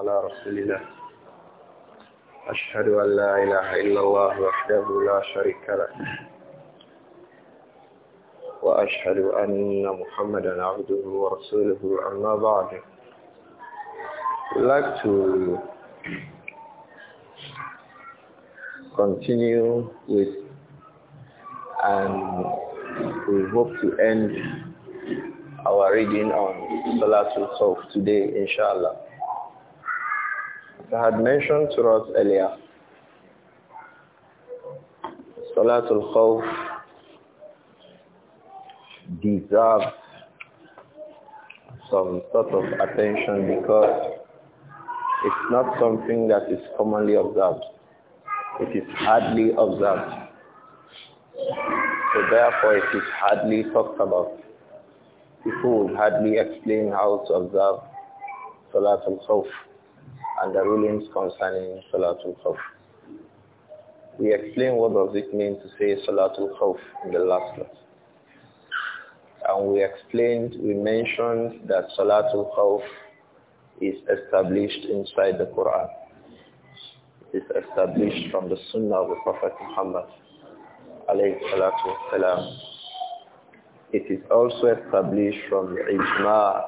على رسول الله أشهد أن لا إله إلا الله وحده لا شريك له وأشهد أن محمدا عبده ورسوله أما بعد would like to continue with and we hope to end our reading on Salatul Khawf today, inshallah had mentioned to us earlier, Salatul Khawf deserves some sort of attention because it's not something that is commonly observed. It is hardly observed. So therefore it is hardly talked about. People would hardly explain how to observe Salatul Khawf and the rulings concerning Salatul Khawf. We explain what does it mean to say Salatul Khawf in the last class. And we explained, we mentioned that Salatul Khawf is established inside the Quran. It is established from the Sunnah of the Prophet Muhammad It is also established from the ijma,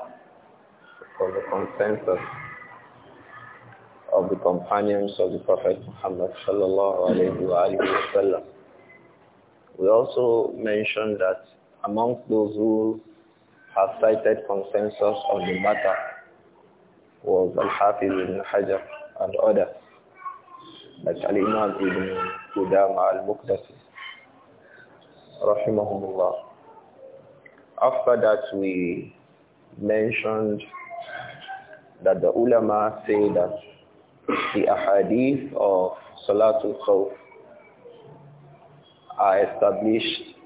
from the consensus of the companions of the Prophet Muhammad sallallahu alayhi wa We also mentioned that amongst those who have cited consensus on the matter was Al-Hafiz ibn Hajar and others, like Al-Imam ibn Qudama al-Muqdasi, rahimahumullah. After that, we mentioned that the ulama say that the ahadith of Salatul Khawf are established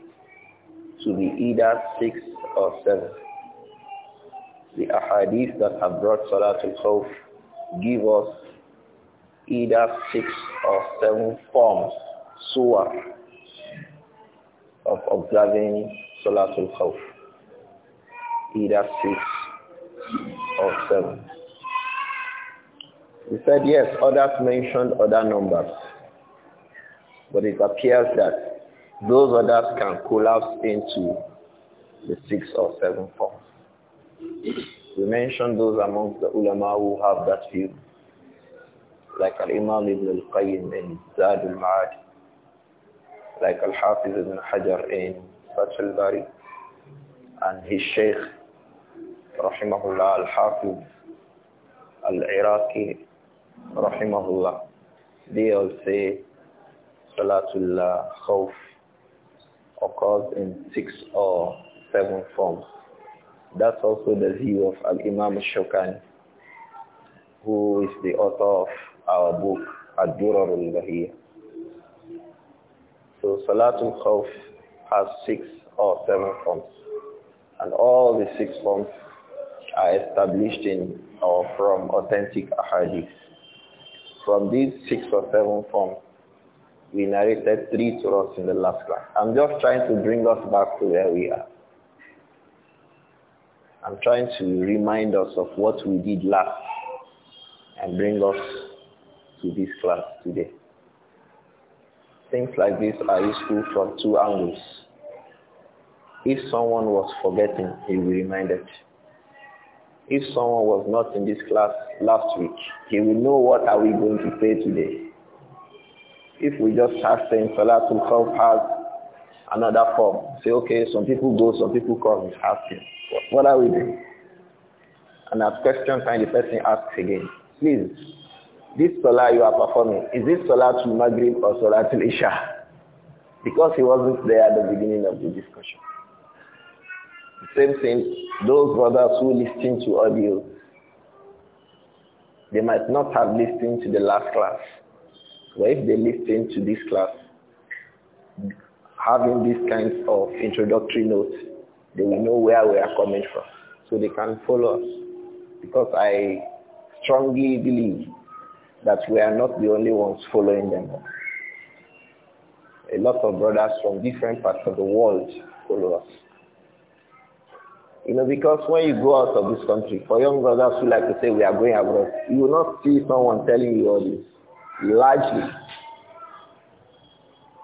to be either six or seven. The ahadith that have brought Salatul Khawf give us either six or seven forms, surah, of observing Salatul Khawf. Either six or seven. He said, yes, others mentioned other numbers. But it appears that those others can collapse into the six or seven forms. We mentioned those amongst the ulama who have that view, like Al-Imam Ibn Al-Qayyim in Zad Al-Ma'ad, like Al-Hafiz Ibn Hajar in Fath Al-Bari, and his Sheikh, Rahimahullah Al-Hafiz Al-Iraqi rahimahullah. They all say Salatullah Khawf occurs in six or seven forms. That's also the view of Al-Imam Shokani, who is the author of our book, Ad-Durar al So Salatul Khawf has six or seven forms. And all the six forms are established in or from authentic ahadith. From these six or seven forms, we narrated three to us in the last class. I'm just trying to bring us back to where we are. I'm trying to remind us of what we did last and bring us to this class today. Things like this are useful from two angles. If someone was forgetting, he will be reminded. If someone was not in this class last week, he will know what are we going to pay today. If we just have saying Salatul Khawf has another form, say, okay, some people go, some people come, it's asking. What are we doing? And at question time, the person asks again, please, this Salah you are performing, is this Salah to Maghrib or Salah to Isha? Because he wasn't there at the beginning of the discussion. Same thing, those brothers who listen to audio, they might not have listened to the last class. But if they listen to this class, having these kinds of introductory notes, they will know where we are coming from. So they can follow us. Because I strongly believe that we are not the only ones following them. A lot of brothers from different parts of the world follow us. You know, because when you go out of this country, for young brothers who like to say we are going abroad, you will not see someone telling you all this. Largely.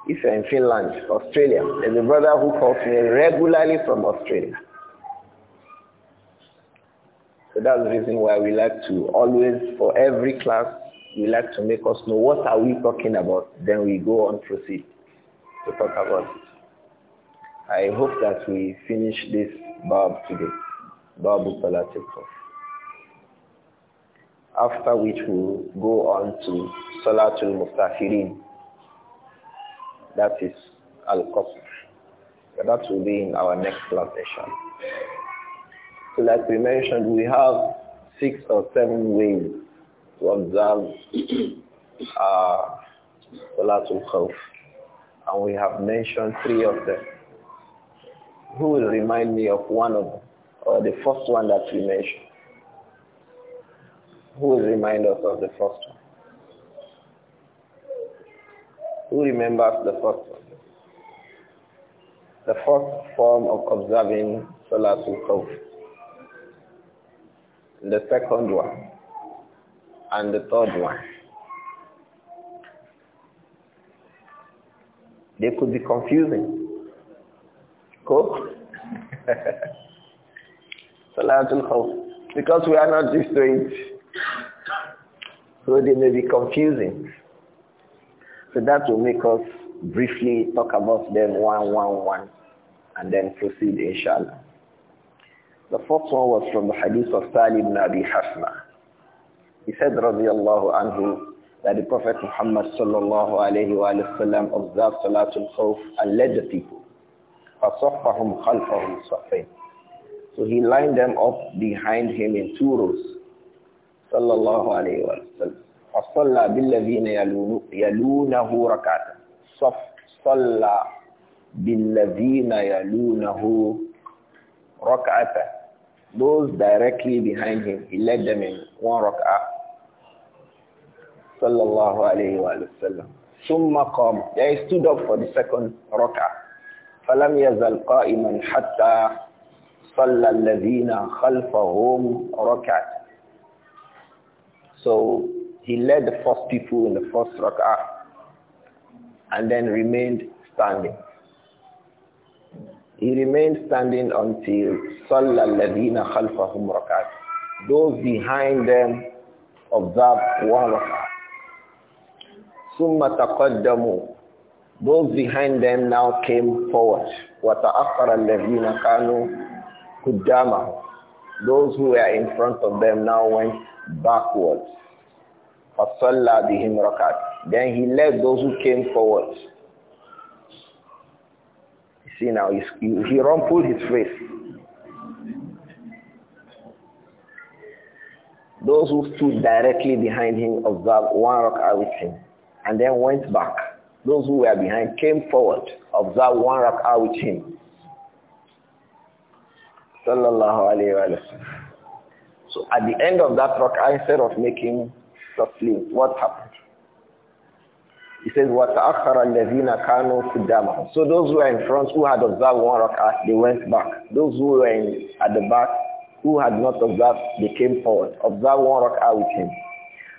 If you're in Finland, Australia, there's a brother who calls me regularly from Australia. So that's the reason why we like to always, for every class, we like to make us know what are we talking about. Then we go on proceed to talk about it. I hope that we finish this Bab today, Babu Salatul After which we'll go on to Salatul Mustafirin. That is Al-Qasr. That will be in our next class session. So like we mentioned, we have six or seven ways to observe uh, Salatul Khawf. And we have mentioned three of them who will remind me of one of or the first one that we mentioned? Who will remind us of the first one? Who remembers the first one? The first form of observing solar Khawf. The second one. And the third one. They could be confusing. Ko? Salatul Khawf. Because we are not used to it. So they may be confusing. So that will make us briefly talk about them one, one, one, and then proceed, inshallah. The first one was from the hadith of Salim ibn Abi Hasna. He said, radiallahu anhu, that the Prophet Muhammad sallallahu alayhi wa sallam observed Salatul Khawf and led the people. فَصَفَّهُمْ خَلْفَهُمْ صَفَّيْنِ So he lined them up behind him in two rows. صلى الله عليه وسلم فصلى بالذين يلونه ركعة صلى بالذين يلونه ركعة Those directly behind him, he led them in one rak'ah. Sallallahu alayhi wa sallam. Summa qam. They stood up for the second rak'ah. فلم يزل قائما حتى صلى الذين خلفهم ركعت So he led the first people in the first rak'ah and then remained standing. He remained standing until صلى الذين خلفهم ركعت Those behind them observed one rak'ah. ثم تقدموا Those behind them now came forward. وَتَأَخَّرَ levi nakano kudama. Those who were in front of them now went backwards. فَصَلَّى بِهِمْ rakat. Then he led those who came forward. see now, he, he rumpled his face. Those who stood directly behind him observed one rakat with him and then went back those who were behind came forward, observed one rak'ah with him. Sallallahu alayhi wa So at the end of that rak'ah, instead of making taslim, what happened? He says, وَتَأَخَّرَ الَّذِينَ كَانُوا قُدَّامَهُ So those who were in front, who had observed one rak'ah, they went back. Those who were in, at the back, who had not observed, they came forward. Observed one rak'ah with him.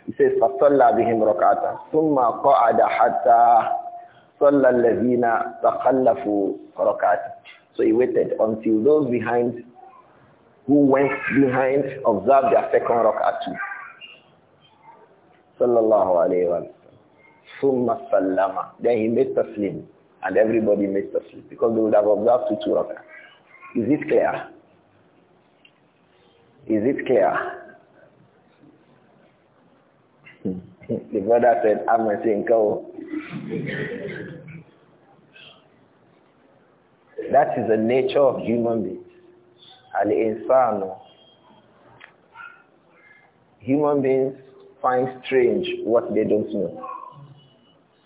He says, فَصَلَّى بِهِمْ رَكْعَةً ثُمَّ قَعَدَ حَتَّى صَلَّى الَّذِينَ تَخَلَّفُوا رَكْعَةً So he waited until those behind who went behind observed their second rak'ah Sallallahu alayhi wa Summa sallama. Then he made taslim. And everybody made taslim. Because they would have observed two, two rak'ah. Is it clear? Is it clear? the brother said, I'm a single. That is the nature of human beings. Al-insanu. Human beings find strange what they don't know.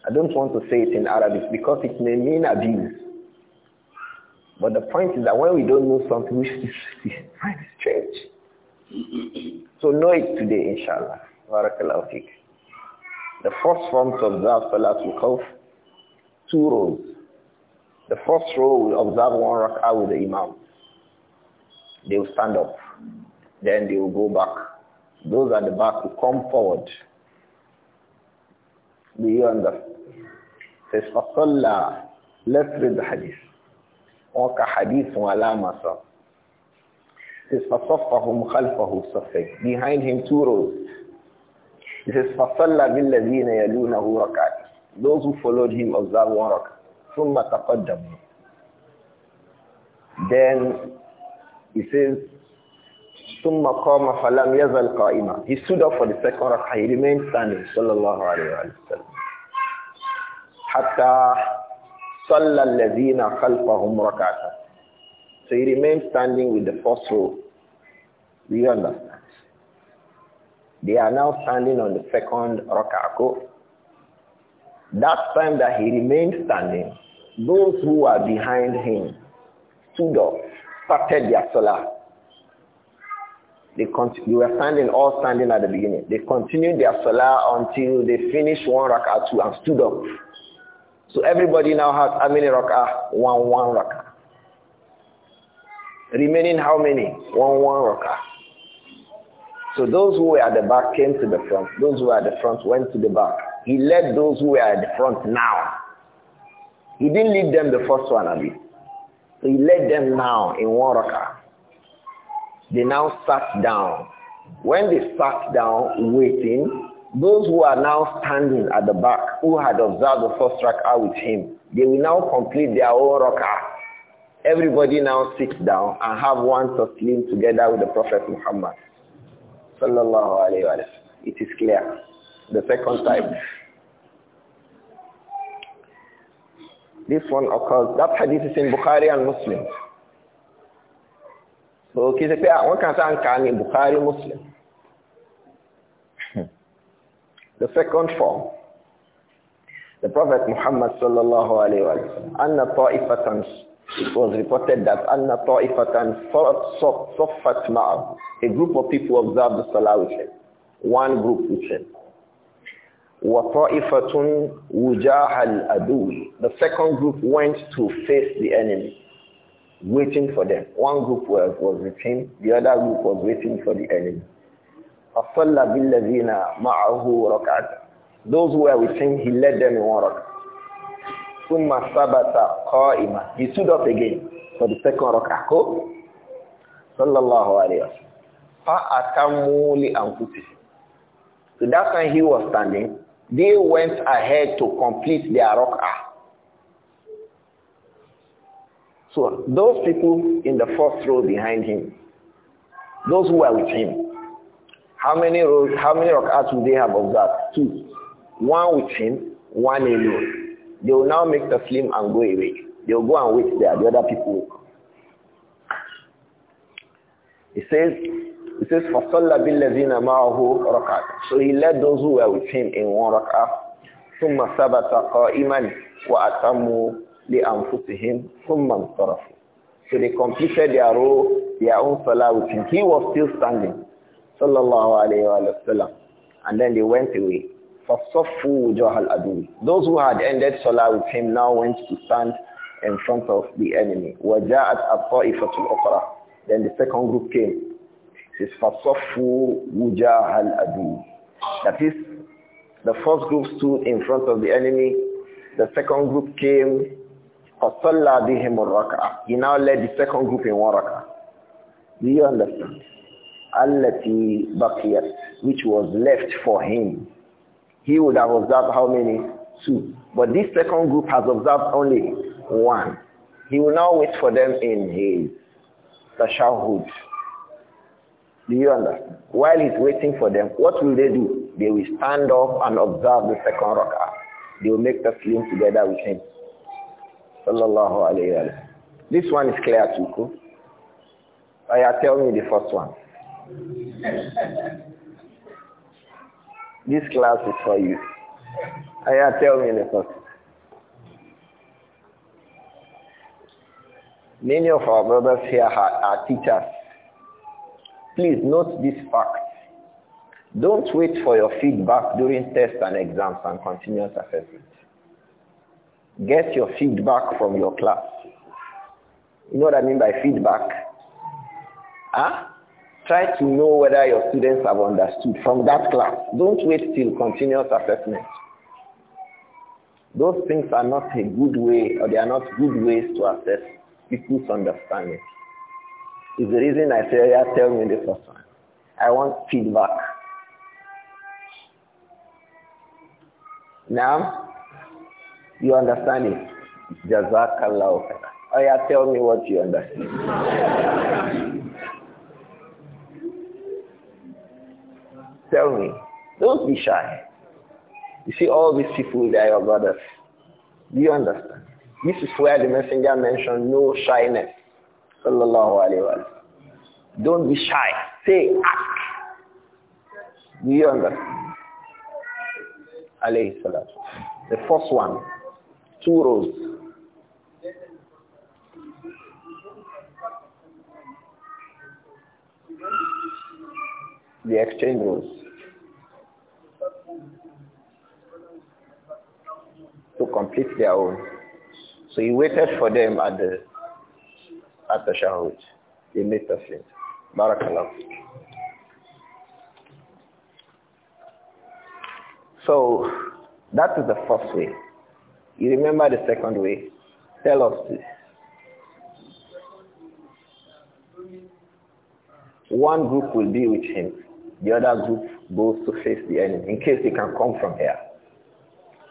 I don't want to say it in Arabic because it may mean abuse. But the point is that when we don't know something, we find it strange. So know it today, inshallah. Barakallahu the first form to observe Salatul Khawf, two rows. The first row will observe one rak'ah with the imam. They will stand up. Then they will go back. Those at the back will come forward. Do you understand? Says, فَصَلَّى Let's read the hadith. وَكَ حَدِيثٌ عَلَى مَسَى Says, فَصَفَّهُمْ خَلْفَهُ صَفَّيْ Behind him two rows. He says, بِالَّذِينَ يَلُونَهُ رَكَعَةً Those who followed him observed one rak'ah. ثُمَّ تَقَدَّمُوا Then he says, ثُمَّ قَامَ فَلَمْ يَزَلْ قَائِمًا He stood up for the second rak'ah. He remained standing, حَتَّى صَلَّى الَّذِينَ خَلْفَهُمْ رَكَعَةً So he remained standing with the first row. Do you understand? They are now standing on the second rak'ah. That time that he remained standing, those who were behind him stood up, started their salah. They, they were standing, all standing at the beginning. They continued their salah until they finished one rak'ah two and stood up. So everybody now has how many rak'ah? One, one rak'ah. Remaining how many? One, one rak'ah. So those who were at the back came to the front. Those who were at the front went to the back. He led those who were at the front now. He didn't lead them the first one, Abi. So he led them now in one rakah. They now sat down. When they sat down waiting, those who are now standing at the back, who had observed the first rakah with him, they will now complete their own rakah everybody now sits down and have one taslim together with the Prophet Muhammad Sallallahu alayhi wa It is clear. The second type. This one occurs, that hadith is in Bukhari and Muslim. So kì í ṣe pé àwọn kan Bukhari Muslim. The second form, the Prophet Muhammad sallallahu alayhi wa sallam, أن طائفة it was reported that Anna Ta'ifatan saw Ma'am. A group of people observed the Salah with him. One group with him. وَطَائِفَةٌ وُجَاهَ الْأَدُوِ The second group went to face the enemy, waiting for them. One group was, was with him, the other group was waiting for the enemy. فَصَلَّ بِالَّذِينَ مَعَهُ رَكَعَةً Those who were with him, he led them in one rak'ah. Summa sabata qa'ima. He stood up again for the second rak'ah. Ko? Sallallahu alayhi wa sallam. li anfusihim. So that time he was standing, they went ahead to complete their rak'ah. So those people in the first row behind him, those who were with him, how many rows, how many rak'ahs would they have observed? Two. One with him, one alone. They will now make the film and go away. They will go and wait there. The other people He says, he says, فَصَلَّ بِالَّذِينَ مَعَهُ رَكَعَةً So he led those who were with him in one rak'ah. ثُمَّ ثَبَتَ قَائِمًا وَأَتَمُّوا لِأَنفُسِهِمْ ثُمَّ انْصَرَفُوا So they completed their role, their own salah with him. He was still standing. Sallallahu alayhi Wasallam, And then they went away. Those who had ended Salah with him now went to stand in front of the enemy. Then the second group came. It says That is, the first group stood in front of the enemy. The second group came. He now led the second group in one Do you understand? التي بقيت which was left for him he would have observed how many? Two. But this second group has observed only one. He will now wait for them in his tashahud. Do you understand? While he's waiting for them, what will they do? They will stand up and observe the second rak'ah. They will make the taslim together with him. Sallallahu alayhi wa This one is clear too. Cool? Aya, tell me the first one. This class is for you. Aya, tell me the first. Many of our brothers here are, are teachers. Please note this fact. Don't wait for your feedback during tests and exams and continuous assessment. Get your feedback from your class. You know what I mean by feedback? Huh? Try to know whether your students have understood from that class. Don't wait till continuous assessment. Those things are not a good way or they are not good ways to assess people's understanding. It's the reason I say, yeah, tell me the first one. I want feedback. Now, you understand it. Jazakallah. Oh yeah, tell me what you understand. Tell me. Don't be shy. You see all these people, they are your brothers. Do you understand? This is where the messenger mentioned no shyness. Sallallahu alayhi wa Don't be shy. Say, ask. Do you understand? Alayhi salam. The first one, two rows. the exchange rules. To complete their own. So he waited for them at the at the shahud. He made the flint. Barakallah. So that is the first way. You remember the second way? Tell us this. One group will be with him the other group goes to face the enemy in case they can come from here.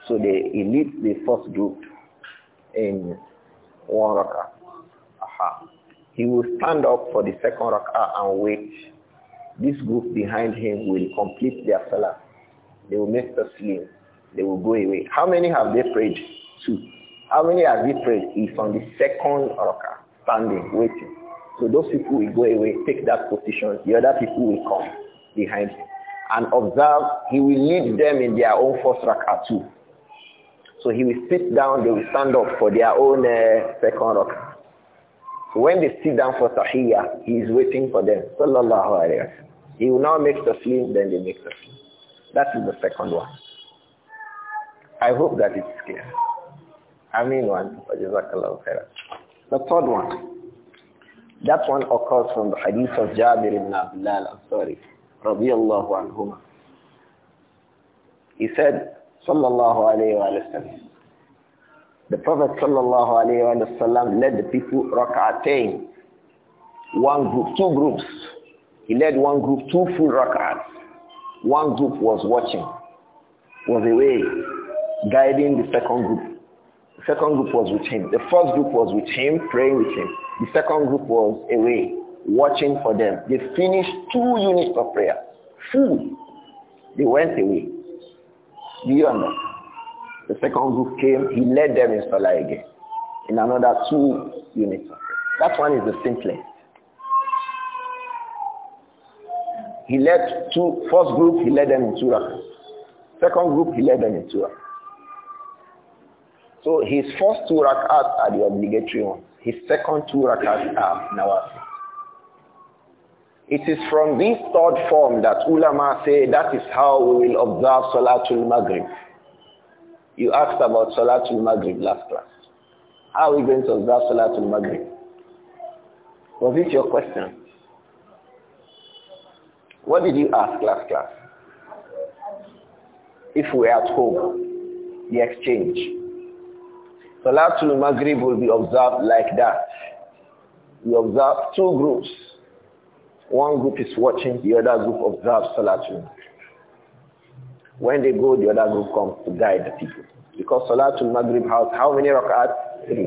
So they elite the first group in one rakah. Aha. He will stand up for the second rakah and wait. This group behind him will complete their salah. They will make the slim. They will go away. How many have they prayed? Two. How many have they prayed? He's on the second rakah, standing, waiting. So those people will go away, take that position. The other people will come behind him. And observe, he will lead them in their own first rak'ah too. So he will sit down, they will stand up for their own uh, second rak'ah. So when they sit down for tahiyyah, he is waiting for them. Sallallahu alayhi wa He will now make sleep, then they make sleep. That is the second one. I hope that it's clear. I mean one. Jazakallahu khairan. The third one. That one occurs from the hadith of Jabir ibn Abdullah I'm sorry radiallahu anhum. He said, sallallahu alayhi wa sallam, the Prophet sallallahu alayhi wa sallam led the people rak'atain, one group, two groups. He led one group, two full rakaats. One group was watching, was away, guiding the second group. The second group was with him. The first group was with him, praying with him. The second group was away, watching for them. They finished two units of prayer. Full. They went away. Do you The second group came, he led them in Salah again. In another two units of prayer. That one is the simplest. He led two, first group, he led them in two rakas. Second group, he led them in two rakas. So his first two rakas are the obligatory ones. His second two rakas are nawafil. It is from this third form that ulama say that is how we will observe Salatul Maghrib. You asked about Salatul Maghrib last class. How are we going to observe Salatul Maghrib? Was this your question? What did you ask last class? If we are at home, the exchange. Salatul Maghrib will be observed like that. We observe two groups. One group is watching, the other group observes Salatul. When they go, the other group comes to guide the people. Because Salatul Maghrib has how many rak'at? Three.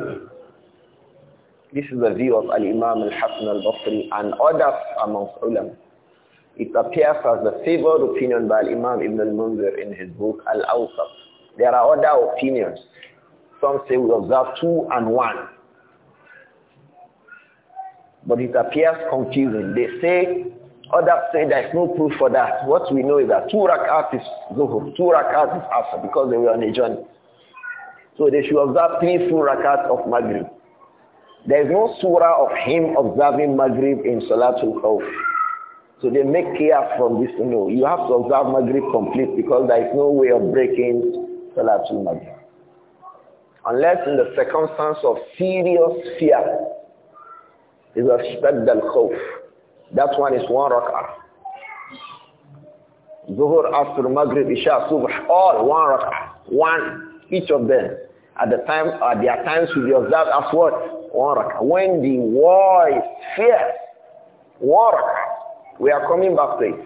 This is the view of Al-Imam Al-Hasan Al-Basri and others amongst ulama. It appears as the favored opinion by al Imam Ibn al-Munzir in his book Al-Awsat. There are other opinions. Some say we observe two and one. But it appears confusing. They say, others say there's no proof for that. What we know is that two rakats is zuhur, two rakats is asr because they were on a journey. So they should observe three full rakats of maghrib. There is no surah of him observing maghrib in Salatul Khawf. So they make clear from this, to know. you have to observe Maghrib complete because there is no way of breaking Salatul Maghrib. Unless in the circumstance of serious fear, إذا اشتد الخوف That one is one rak'ah. Zuhur, after Maghrib, Isha, Subh, all one rak'ah. One, each of them. At the time, at their times with your observed as what? One rak'ah. When the war is fierce, one rak'ah. We are coming back to it.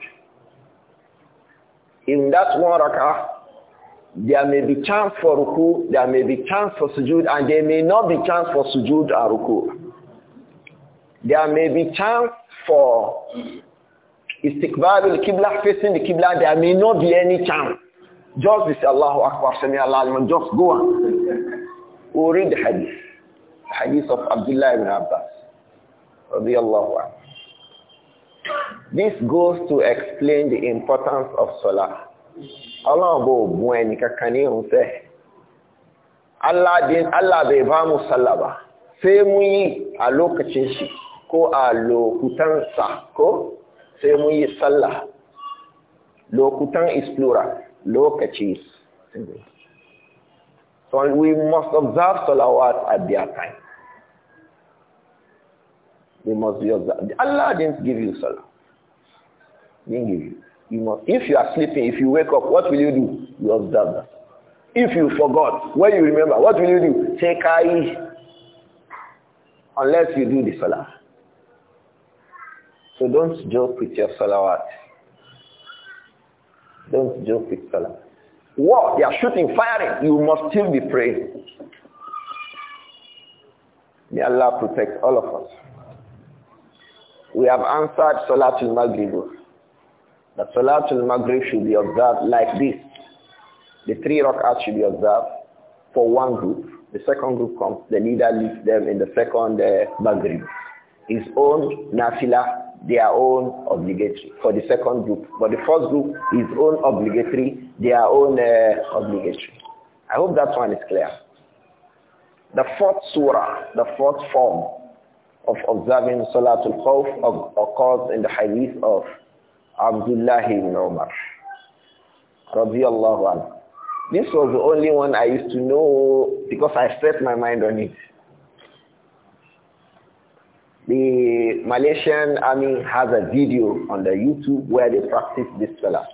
In that one rak'ah, there may be chance for ruku, there may be chance for sujood, and there may not be chance for sujood or ruku. There may be chance for istiqbal al-qibla facing the qibla. There may not be any chance. Just this Allahu Akbar, Sami Allah, just go on. We'll read the hadith. The hadith of Abdullah ibn Abbas. Radiallahu anhu. This goes to explain the importance of Salah. Allah go bueni kakani unse. Allah din Allah bai ba mu sallaba sai mu yi a lokacin shi ko a sai mun yi sallah lokutan lokaci so we must observe salawat at their time We must be observed Allah didn't give you salah didn't give you you must if you are sleeping if you wake up what will you do you observe that if you forgot when you remember what will you do take eyes unless you do the salah so don't joke with your salawat. Don't joke with salawat. What? They are shooting, firing. You must still be praying. May Allah protect all of us. We have answered Salatul Maghrib. That Salatul Maghrib should be observed like this. The three rak'ahs should be observed for one group. The second group comes, the leader leads them in the second uh, Maghrib. His own nafilah their own obligatory for the second group. But the first group, his own obligatory, their own uh, obligatory. I hope that one is clear. The fourth surah, the fourth form of observing Salatul Khawf occurs in the hadith of Abdullah ibn Umar. This was the only one I used to know because I set my mind on it. The Malaysian army has a video on the YouTube where they practice this salah.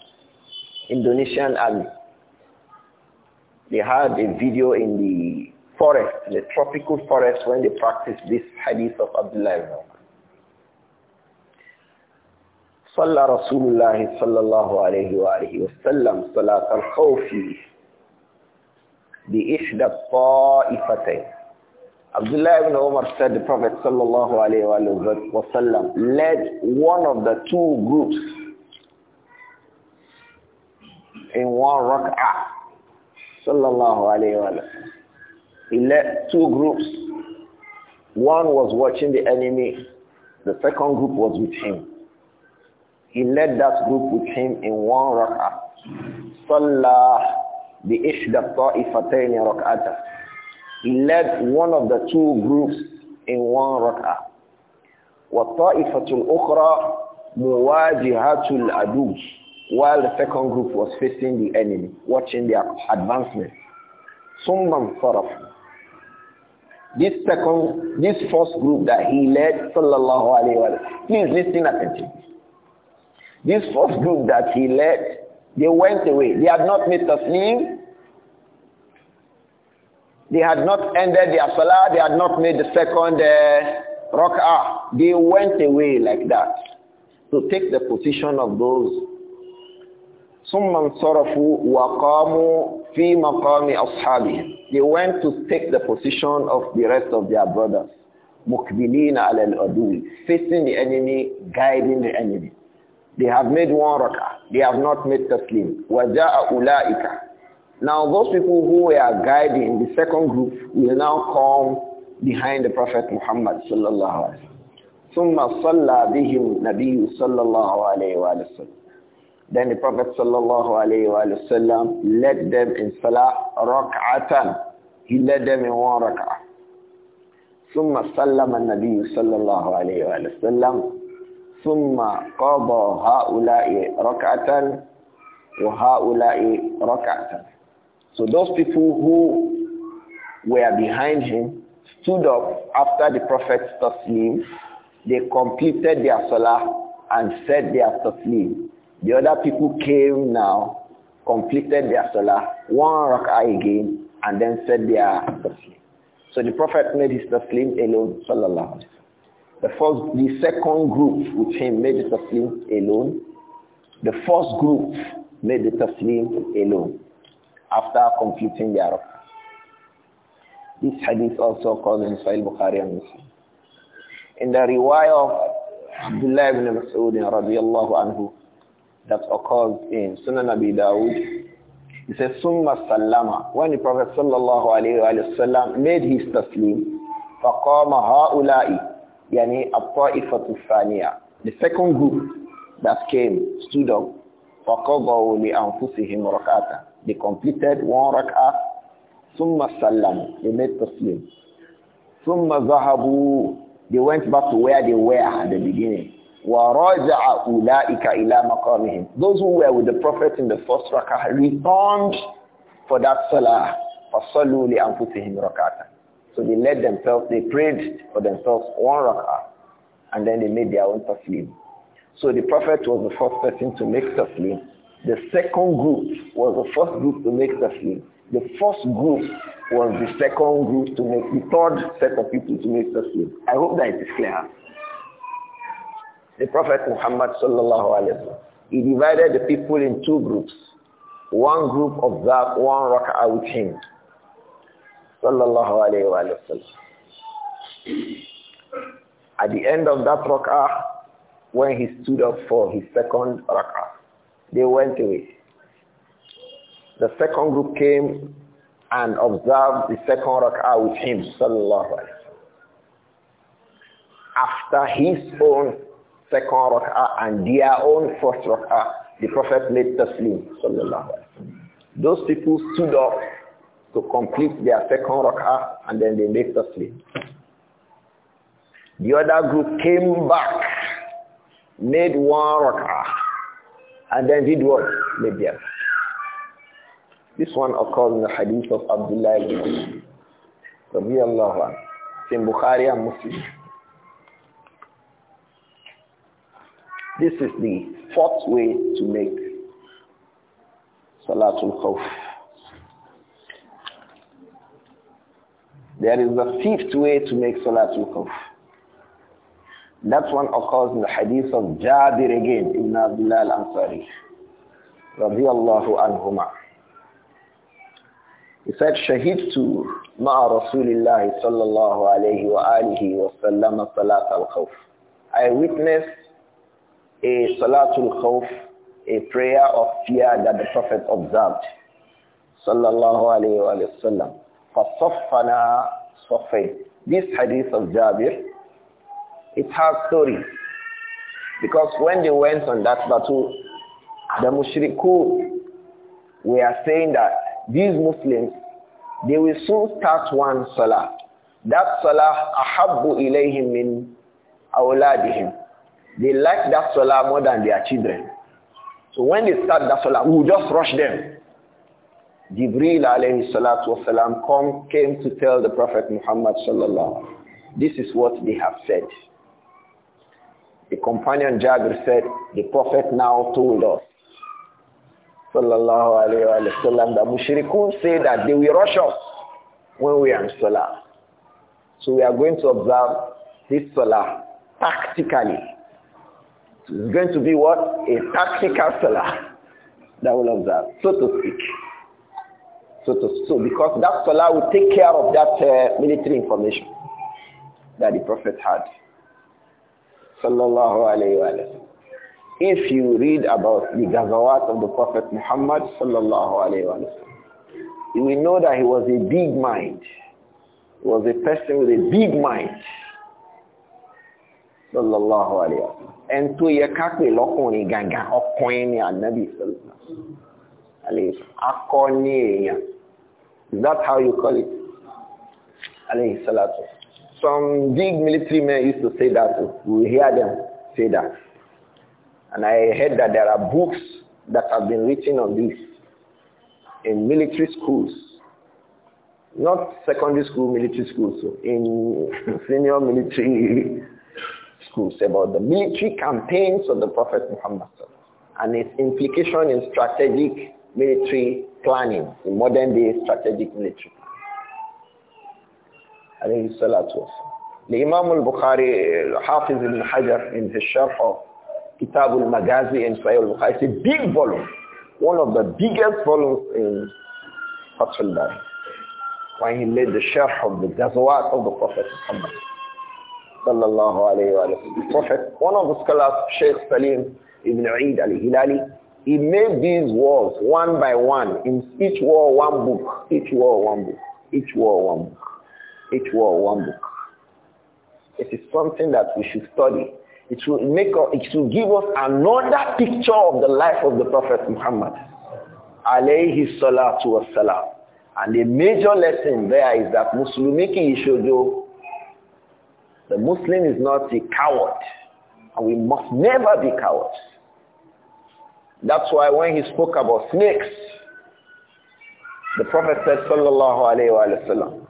Indonesian army. They had a video in the forest, the tropical forest, when they practice this hadith of Abdullah ibn Umar. صلى رسول الله صلى الله عليه وآله وسلم صلاة الخوف بإحدى الطائفتين Abdullah ibn Omar said the Prophet sallallahu alayhi wa sallam led one of the two groups in one rak'ah sallallahu alayhi wa He led two groups. One was watching the enemy. The second group was with him. He led that group with him in one rak'ah. Sallah bi ihda ta'ifatayn rak'atah he led one of the two groups in one rak'ah. وَالطَّائِفَةُ الْأُخْرَى مُوَاجِهَةُ الْعَدُوِ While the second group was facing the enemy, watching their advancement. ثُمَّ انصَرَفُوا This second, this first group that he led, sallallahu alayhi wa please listen attentively. This first group that he led, they went away. They had not made taslim, they had not ended their salah. They had not made the second uh, rak'ah. They went away like that to take the position of those They went to take the position of the rest of their brothers. مقبلين al العدو Facing the enemy, guiding the enemy. They have made one rak'ah. They have not made taslim. وجاء now those people who were guiding the second group will now come behind the Prophet Muhammad sallallahu alaihi wasallam. ثم صلى بهم النبي صلى الله عليه وسلم Then the Prophet sallallahu alayhi wa وسلم led them in salah ركعة. He led them in one rak'ah. ثم سلم النبي صلى الله عليه وسلم ثم قضى هؤلاء ركعة وهؤلاء ركعة so those people who were behind him stood up after the prophet taslim. They completed their salah and said their taslim. The other people came now, completed their salah, one rak'ah again, and then said their taslim. So the prophet made his taslim alone, sallallahu The first, the second group with him made the taslim alone. The first group made the taslim alone after completing their rak'ah. This hadith also called in Sahih Bukhari and Muslim. In the riwayah of Abdullah ibn Mas'ud radiyallahu anhu that occurs in Sunan Abi Dawud, he says, Summa salama. When the Prophet sallallahu alayhi wa sallam made his taslim, فَقَامَ هَؤُلَاءِ يعني الطائفة الثانية The second group that came stood up فَقَضَوا لِأَنفُسِهِمْ رَكَاتًا." They completed one rak'ah. Summa salam. They made taslim. Summa zahabu. They went back to where they were at the beginning. وَرَجَعَ أُولَٰئِكَ إِلَىٰ مَقَامِهِمْ Those who were with the Prophet in the first rak'ah returned for that salah. فَصَلُّوا لِأَنفُسِهِمْ رَكَعَةً So they led themselves, they prayed for themselves one rak'ah. And then they made their own taslim. So the Prophet was the first person to make taslim. The second group was the first group to make the field. The first group was the second group to make the third set of people to make the field. I hope that it is clear. The Prophet Muhammad sallallahu alayhi wasallam he divided the people in two groups. One group of that one rak'ah with him. Sallallahu alayhi wa sallam. At the end of that rak'ah, when he stood up for his second rak'ah, they went away. The second group came and observed the second rak'ah with him, sallallahu alayhi After his own second rak'ah and their own first rak'ah, the Prophet made taslim, sallallahu alayhi Those people stood up to complete their second rak'ah and then they made taslim. The other group came back, made one rak'ah and then did what? Libya. This one occurs in the hadith of Abdullah ibn Rabbi in Bukhari and Muslim. This is the fourth way to make Salatul Khawf. There is a fifth way to make Salatul Khawf. That's one of course in the hadith of Jabir again, Ibn Abdullah al-Ansari, radiyallahu anhuma. He said, Shahid شهدت مع رسول الله صلى الله عليه وآله salat al الخوف. I witnessed a Salatul Khawf, a prayer of fear that the Prophet observed. Sallallahu alayhi wa sallam. فَصَفَّنَا صَفَّيْنِ This hadith of Jabir it has stories. Because when they went on that battle, the mushriku were saying that these Muslims, they will soon start one salah. That salah, ahabbu ilayhim min awladihim. They like that salah more than their children. So when they start that salah, we will just rush them. Jibril alayhi salatu wasalam came to tell the Prophet Muhammad sallallahu this is what they have said. The companion Jabir said, the Prophet now told us, sallallahu alayhi wa sallam, that mushrikun say that they will rush us when we are in salah. So we are going to observe this salah tactically. So it's going to be what? A tactical salah that will observe, so to speak. So, to, so because that salah will take care of that uh, military information that the Prophet had sallallahu alayhi wa If you read about the Ghazawat of the Prophet Muhammad sallallahu alayhi wa you will know that he was a big mind. He was a person with a big mind. Sallallahu alayhi wa And to yakakwe lokoni ganga okweni anabi sallallahu alayhi wa Akoni Is that how you call it? Alayhi salatu some big military men used to say that. We hear them say that. And I heard that there are books that have been written on this in military schools. Not secondary school, military schools, so in senior military schools about the military campaigns of the Prophet Muhammad and its implication in strategic military planning, in modern day strategic military عليه الصلاة والسلام. The Imam al-Bukhari, Hafiz ibn Hajar, in his sharh of Kitab al-Magazi in Sahih al-Bukhari, it's a big volume, one of the biggest volumes in Fathul Bari, when he laid the sharh of the Ghazawat of the Prophet Muhammad. الله عليه wa The Prophet, one of the scholars, Sheikh Salim ibn Eid al-Hilali, he made these walls one by one, in each wall one book, each wall one book, each wall one book. Each word, one book. It is something that we should study. It will make us, it will give us another picture of the life of the Prophet Muhammad. Alayhi salatu wassalam. And the major lesson there is that Muslimiki Ishojo, the Muslim is not a coward. And we must never be cowards. That's why when he spoke about snakes, the Prophet said, sallallahu alayhi wa sallam,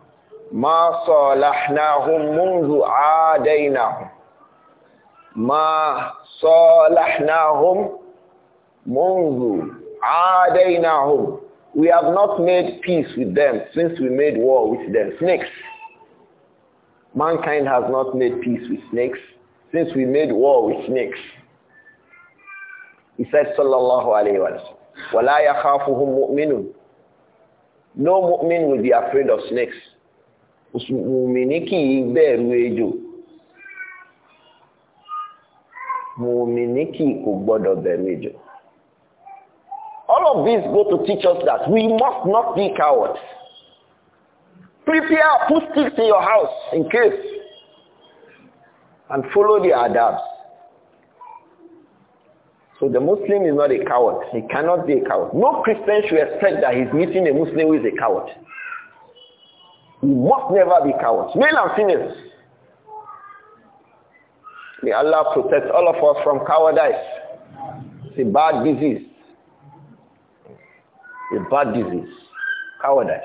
ما صالحناهم منذ عاديناهم ما صالحناهم منذ عاديناهم We have not made peace with them since we made war with them. Snakes. Mankind has not made peace with snakes since we made war with snakes. He said, sallallahu alayhi wa sallam, وَلَا يَخَافُهُمْ No mu'min will be afraid of snakes mùmìnì kì í bẹ̀rù ejò mùmìnì kì í kò gbọ́dọ̀ bẹ̀rù All of this go to teach us that we must not be cowards. Prepare, put sticks in your house in case and follow the adabs. So the Muslim is not a coward. He cannot be a coward. No Christian should expect that he's meeting a Muslim who is a coward. You must never be cowards, male and female. May Allah protect all of us from cowardice. It's a bad disease. A bad disease. Cowardice.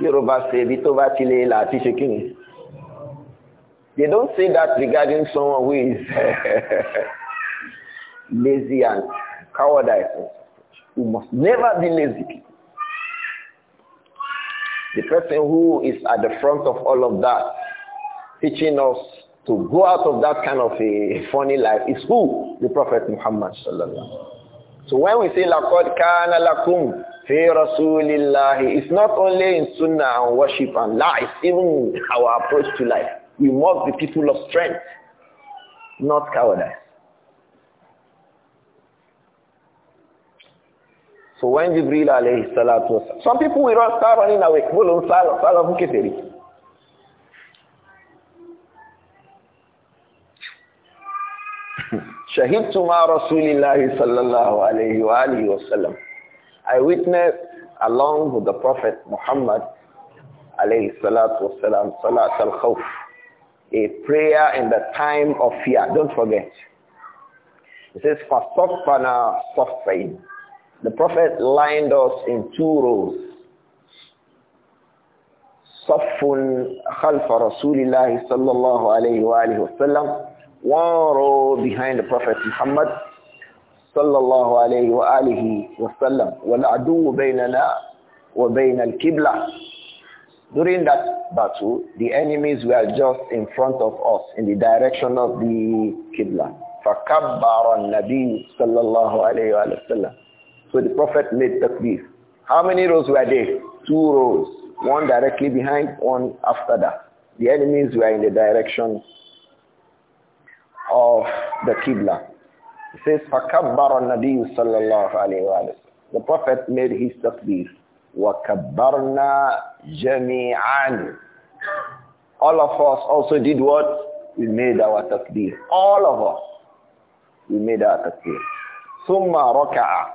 Yoruba say, Bitova Chile la Tishikini. They don't say that regarding someone who is lazy and cowardice. We must never be lazy the person who is at the front of all of that, teaching us to go out of that kind of a funny life is who? The Prophet Muhammad sallallahu So when we say laqad كَانَ لَكُمْ فِي رَسُولِ It's not only in sunnah and worship and life, even our approach to life. We must be people of strength, not cowardice. So when Jibril alayhi salatu was, some people will run, start running away. Bulun salam, not keferi. Shahidtu ma Rasulillahi sallallahu alayhi wa alihi wa sallam. I witnessed along with the Prophet Muhammad alayhi salatu wa salat al-khawf. A prayer in the time of fear. Don't forget. It says, فَصَفَّنَا صَفَّيْنِ the Prophet lined us in two rows. Safun khalfa Rasulillah sallallahu alayhi wa alayhi wa sallam. One row behind the Prophet Muhammad sallallahu alayhi wa alayhi wa sallam. Wal aduwu baynana wa bayna al kibla. During that battle, the enemies were just in front of us in the direction of the Qibla. فَكَبَّرَ النَّبِيُّ صَلَّى اللَّهُ عَلَيْهِ وَعَلَى السَّلَّمُ so the Prophet made takbir. How many rows were there? Two rows. One directly behind, one after that. The enemies were in the direction of the Qibla. It says, فَكَبَّرَ النَّبِيُّ صَلَّى اللَّهُ عَلَيْهِ The Prophet made his takbir. وَكَبَّرْنَا جَمِيعًا All of us also did what? We made our takbir. All of us. We made our takbir. ثُمَّ رَكَعَ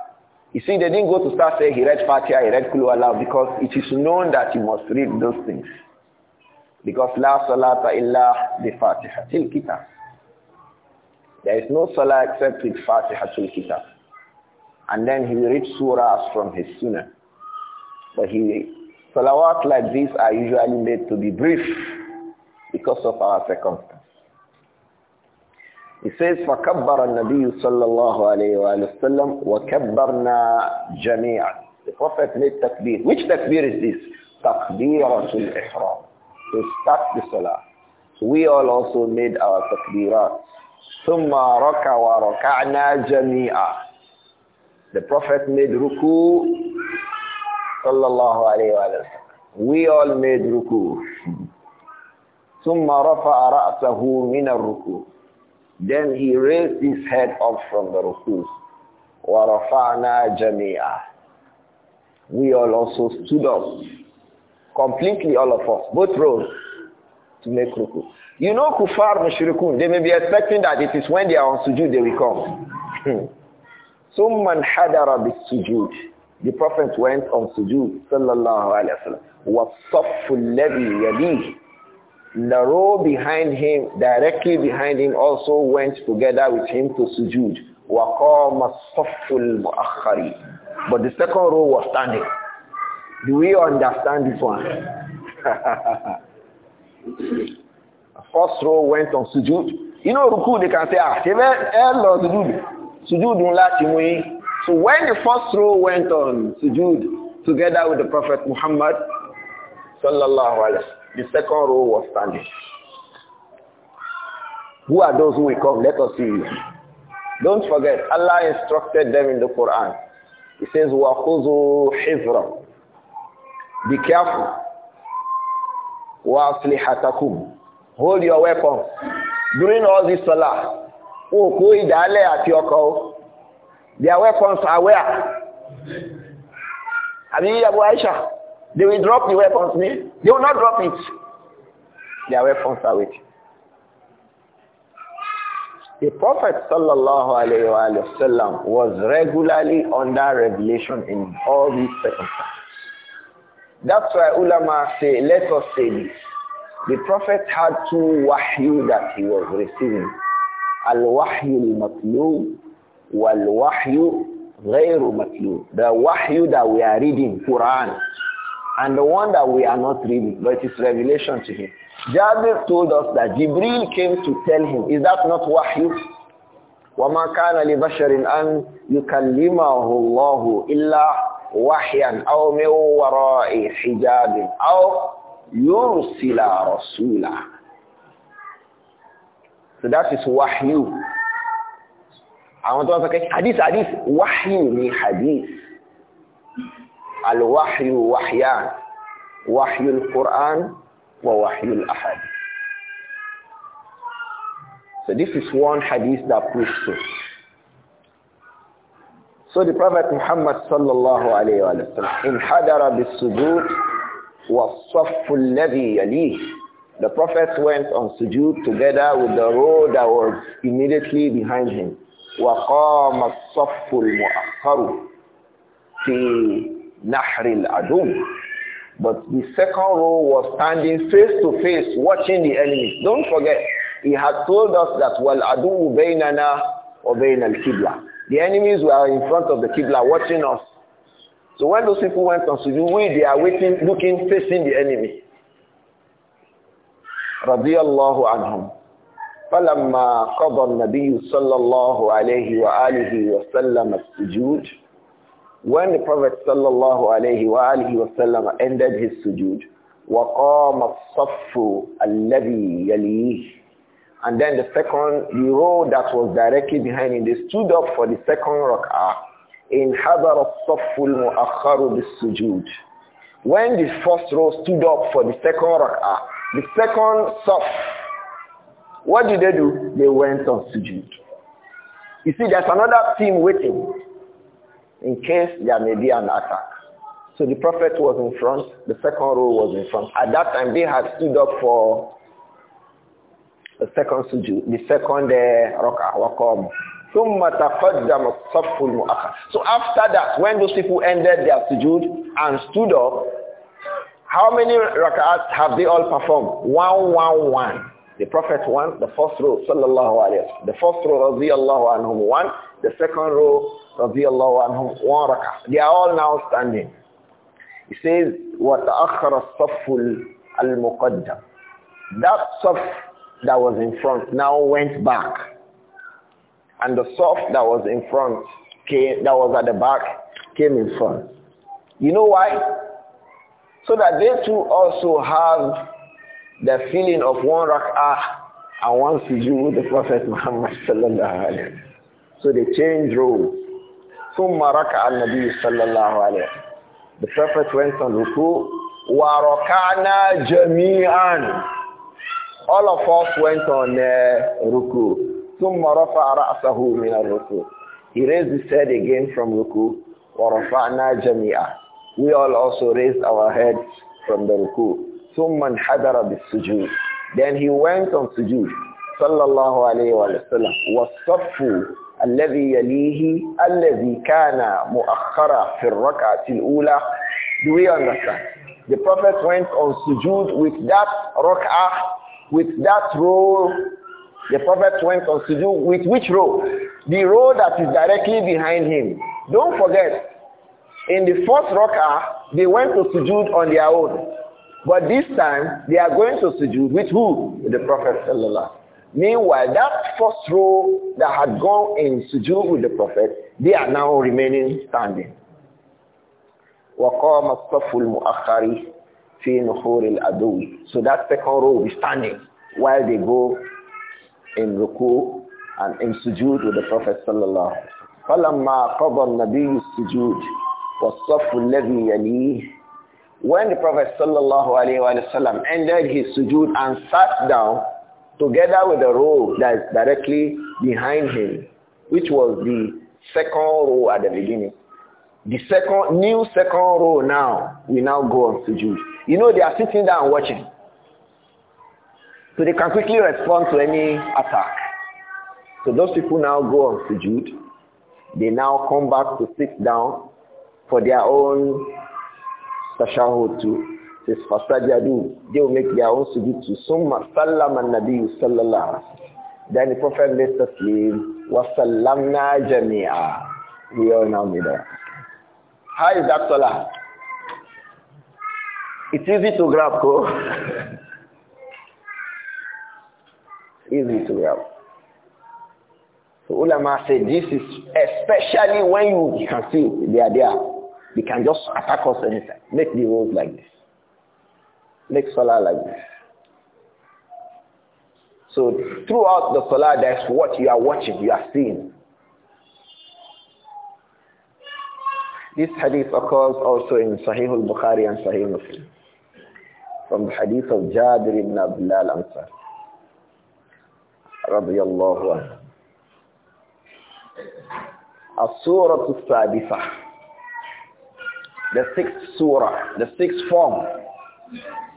you see, they didn't go to start saying he read Fatiha, he read Kulu Allah because it is known that you must read those things. Because la salata illa bi Fatiha til kitab. There is no salah except with Fatiha til kitab. And then he will read surahs from his sunnah. But he, salawat like this are usually made to be brief because of our circumstance. He says, فَكَبَّرَ النَّبِيُّ صَلَّى اللَّهُ عَلَيْهِ وَآلِهِ وَسَلَّمْ وَكَبَّرْنَا جَمِيعًا The Prophet made takbir. Which takbir is this? Takbiratul ihram. To start the salah. So we all also made our takbirat. ثُمَّ ركع وَرَكَعْنَا جَمِيعًا The Prophet made ruku. صلى الله عليه وآله وسلم. We all made ruku. ثُمَّ رَفَعَ رَأْسَهُ مِنَ الرُّكُوعِ Then he raised his head up from the rukus. We all also stood up. Completely all of us, both rows, to make ruku. You know kufar mushrikun, they may be expecting that it is when they are on sujud they will come. had حَدَرَ بِالسُّجُودِ The Prophet went on sujud, sallallahu alayhi wa sallam. وَالصَّفُّ الَّذِي يَلِيهِ the row behind him, directly behind him, also went together with him to sujood. وَقَامَ الصَّفُّ الْمُؤَخَّرِ But the second row was standing. Do we understand this one? First row went on sujood. You know, ruku, they can say, ah, sujood. Sujood So when the first row went on sujood, together with the Prophet Muhammad, sallallahu alaihi wasallam, the second row was standing. Who are those who will come? Let us see. Don't forget, Allah instructed them in the Quran. He says, khuzu حِذْرًا Be careful. وَأَصْلِحَتَكُمْ Hold your weapon. During all this salah, at your call. their weapons are where? Abi Abu Aisha. They will drop the weapons. me. Eh? they will not drop it. Their weapons are with you. The Prophet sallallahu alayhi wa sallam was regularly under revelation in all these circumstances. That's why ulama say, let us say this. The Prophet had two wahyu that he was receiving. Al-wahyu al-matlub wal-wahyu غير مكتوب. The wahyu that we are reading, Quran, and the one that we are not reading, but it's revelation to him. Jabir told us that Jibril came to tell him, is that not wahyu? وَمَا كَانَ لِبَشَرٍ أَنْ يُكَلِّمَهُ اللَّهُ إِلَّا وَحْيًا أَوْ مِنْ وَرَاءِ حِجَابٍ أَوْ يُرْسِلَ رَسُولًا So that is wahyu. I want to ask, hadith, hadith, wahyu ni hadith. Al-Wahyu Wahyan. Wahyul Quran wa Wahyul Ahad. So this is one hadith that proves it. So the Prophet Muhammad sallallahu alayhi wa sallam in hadara bis-sujud was saffu alladhi yalih. The Prophet went on sujud together with the row that was immediately behind him. وقام الصف المؤخر في Nahril Adum. But the second row was standing face to face watching the enemies. Don't forget, he had told us that wal adu bainana wa al kibla. The enemies were in front of the kibla watching us. So when those people went on sujud, we they are waiting, looking, facing the enemy. رضي الله فلما قضى النبي صلى الله عليه وآله وسلم السجود when the Prophet sallallahu alayhi wa alihi wasallam ended his sujood, وَقَامَ الصَّفُّ الَّذِي يَلِيهِ And then the second, the row that was directly behind him, they stood up for the second rak'ah. In al الصَّفُّ الْمُؤَخَّرُ بِالسُّجُودِ When the first row stood up for the second rak'ah, the second saf, what did they do? They went on sujood. You see, there's another team waiting in case there may be an attack. So the Prophet was in front, the second row was in front. At that time, they had stood up for the second sujood, the second eh, rak'ah, So after that, when those people ended their sujood and stood up, how many rak'ahs have they all performed? One, one, one. The Prophet one, the first row, sallallahu alayhi wa The first row, radiallahu anhum, one. The second row, radiallahu anhum, one rak'ah. They are all now standing. He says, وَتَأَخَّرَ الصَّفُّ الْمُقَدَّمِ That صف that was in front now went back. And the soft that was in front, came, that was at the back, came in front. You know why? So that they too also have the feeling of one rak'ah and one sujood with the Prophet Muhammad sallallahu alayhi So they change roles. ثم ركع The Prophet went on ruku وَرَكَعْنَا jami'an. All of us went on uh, ruku ثم رفع رأسه من الركوع He raised his head again from ruku وَرَفَعْنَا We all also raised our heads from the ruku ثم انحدر بالسجود Then he went on sujud. sallallahu alayhi wa sallam was الذي يليه الذي كان مؤخرا في الركعة الأولى Do we understand? The Prophet went on sujood with that rak'ah, with that row. The Prophet went on sujood with which row? The row that is directly behind him. Don't forget, in the first rak'ah, they went to sujood on their own. But this time, they are going to sujood with who? With the Prophet sallallahu Meanwhile, that first row that had gone in sujood with the Prophet, they are now remaining standing. وقام الصف المؤخر في نحور العدو. So that second row will be standing while they go in ruku and in sujood with the Prophet sallallahu فلما قضى النبي السجود والصف الذي يليه When the Prophet sallallahu alaihi wasallam ended his sujood and sat down, together with the row that is directly behind him, which was the second row at the beginning. The second, new second row now, we now go on to Jews. You know, they are sitting there watching. So they can quickly respond to any attack. So those people now go on Jude. They now come back to sit down for their own tashahud too says fasajadu they will make their own sujood to summa sallam an-nabi sallallahu alaihi wasallam then the prophet made taslim wa sallamna jami'a we all now made that how is that salah it's easy to grab ko easy to grab so ulama say this is especially when you can see they are there they can just attack us anytime make the rules like this Make salah like this. So throughout the salah, that's what you are watching, you are seeing. This hadith occurs also in Sahih al-Bukhari and Sahih Muslim. From the hadith of Jadir ibn Abdullah al-Ansar. رضي الله عنه السورة السادسة the sixth surah, the sixth form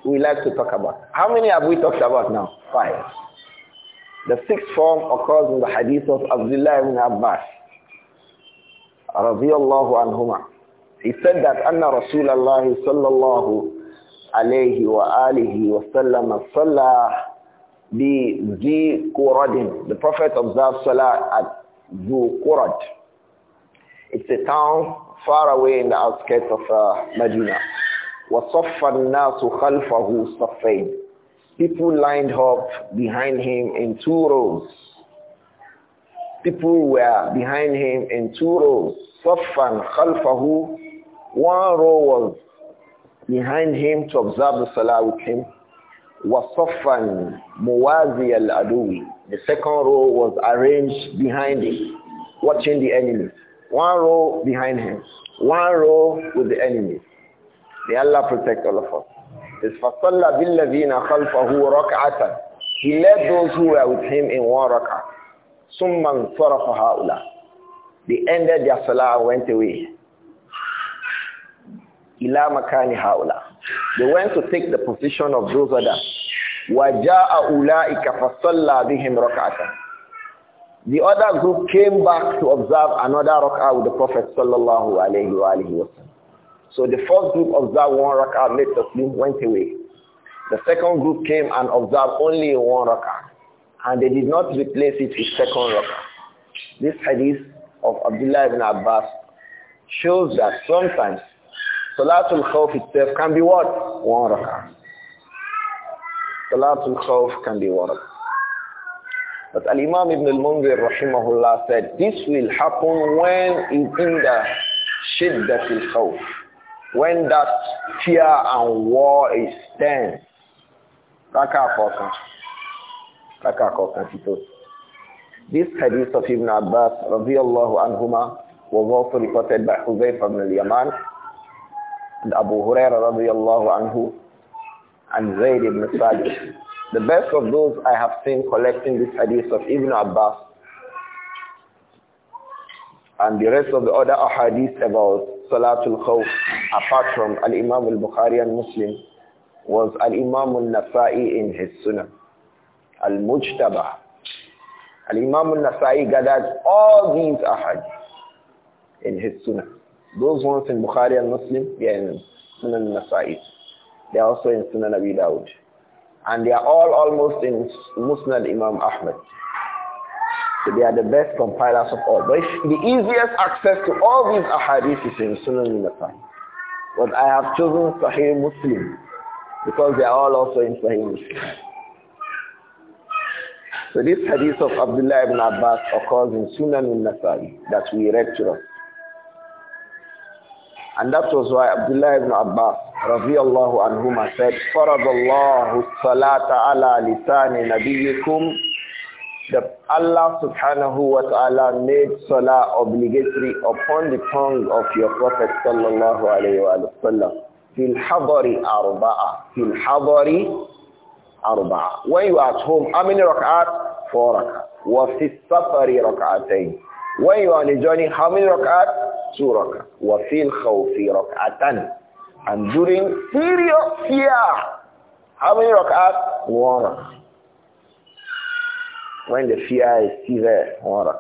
we like to talk about. How many have we talked about now? Five. The sixth form occurs in the hadith of Abdullah ibn Abbas. Radiallahu anhuma. He said that Anna Rasulallah sallallahu alayhi wa alihi wa sallam salah bi zi quradin. The Prophet observed salah at Zu Qurad. It's a town far away in the outskirts of uh, Medina. وَصَفَّ النَّاسُ خَلْفَهُ صَفَّيْنِ People lined up behind him in two rows. People were behind him in two rows. صَفًّا خَلْفَهُ One row was behind him to observe the salah with him. وَصَفًّا مُوَازِيَ الْأَدُوِي The second row was arranged behind him, watching the enemies. One row behind him, one row with the enemies. May Allah protect all of us. It فَصَلَّ بِالَّذِينَ خَلْفَهُ رَكْعَةً He led those who were with him in one rak'ah. ثُمَّ انْصَرَفَ هَؤُلَاءِ They ended their salah and went away. إِلَى مَكَانِ هَؤُلَاءِ They went to take the position of those others. وَجَاءَ أُولَٰئِكَ فَصَلَّى بِهِمْ رَكْعَةً the other group came back to observe another rak'ah with the Prophet sallallahu alayhi wa so the first group observed one rak'ah, made taslim, went away. The second group came and observed only one rak'ah. And they did not replace it with second rak'ah. This hadith of Abdullah ibn Abbas shows that sometimes Salatul Khawf itself can be what? One rak'ah. Salatul Khawf can be one But Al-Imam Ibn al-Munzir rahimahullah said, this will happen when it's in the shiddat al-khawf when that fear and war is tense. This hadith of Ibn Abbas anhuma was also reported by Huzayf ibn al-Yaman and Abu Huraira radiallahu anhu and Zayd ibn Sajid. The best of those I have seen collecting this hadith of Ibn Abbas and the rest of the other ahadith about Salatul Khawf, apart from Al-Imam al-Bukhari and Muslim, was Al-Imam al-Nasa'i in his Sunnah, Al-Mujtaba. Al-Imam al-Nasa'i gathered all these ahadith in his Sunnah. Those ones in Bukhari and Muslim, they are in Sunnah al-Nasa'i. They are also in Sunan Abi Dawud. And they are all almost in Musnad Imam Ahmad. So they are the best compilers of all. But the easiest access to all these ahadith is in Sunan al-Nasai. But I have chosen Sahih Muslim because they are all also in Sahih Muslim. So this hadith of Abdullah ibn Abbas occurs in Sunan al-Nasai that we read to us. And that was why Abdullah ibn Abbas اللَّهِ anhuma said, فَرَضَ اللَّهُ الصَّلَاةَ عَلَى لِسَانِ نَبِيِّكُمْ that Allah subhanahu wa ta'ala made salah obligatory upon the tongue of your Prophet sallallahu alayhi wa sallam. Fil hadari arba'a. Fil hadari arba'a. When you are at home, how many rak'at? Four rak'at. Wa fi safari rak'atayn. When you are on a journey, how many rak'at? Two rak'at. Wa fil khawfi rak'atan. And during serious fear, how many rak'at? One rak'at when the fear is still there on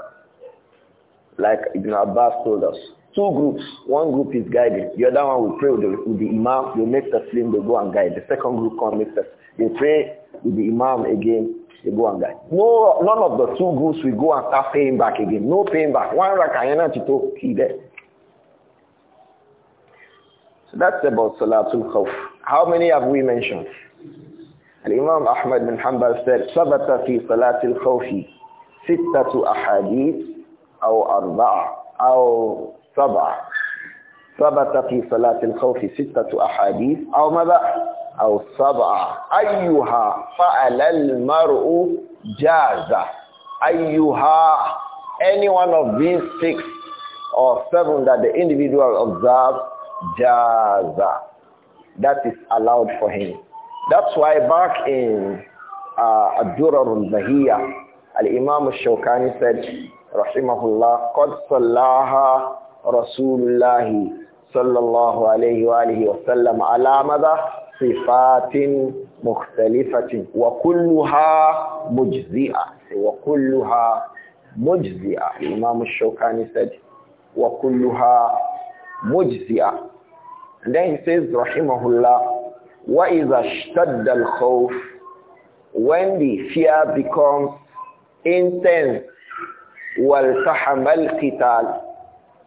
Like Ibn Abbas told us, two groups. One group is guiding. The other one will pray with the, with the imam. They make the slim, they go and guide. The second group comes, make the, they pray with the imam again, they go and guide. No, none of the two groups will go and start paying back again. No paying back. One rakayana to talk, he there. So that's about Salatul Khawf. How many have we mentioned? الإمام أحمد بن حنبل said ثبت في صلاة الخوف ستة أحاديث أو أربعة أو سبعة ثبت في صلاة الخوف ستة أحاديث أو ماذا أو سبعة أيها فعل المرء جازة أيها any one of these six or seven that the individual observes جازة that is allowed for him That's why back in uh, Ad-Durar al-Bahiyya, Al-Imam al-Shawkani said, Rahimahullah, قَدْ صَلَّاهَا رَسُولُ اللَّهِ صَلَّى اللَّهُ عَلَيْهِ وَآلِهِ وَسَلَّمَ عَلَى مَذَا صِفَاتٍ مُخْتَلِفَةٍ وَكُلُّهَا مُجْزِئَةٍ وَكُلُّهَا مُجْزِئَةٍ Imam al-Shawkani said, وَكُلُّهَا مُجْزِئَةٍ And then he says, Rahimahullah, وَإِذَا اشْتَدَّ الْخَوْفُ When the fear becomes intense, وَالْتَحَمَ الْقِتَالُ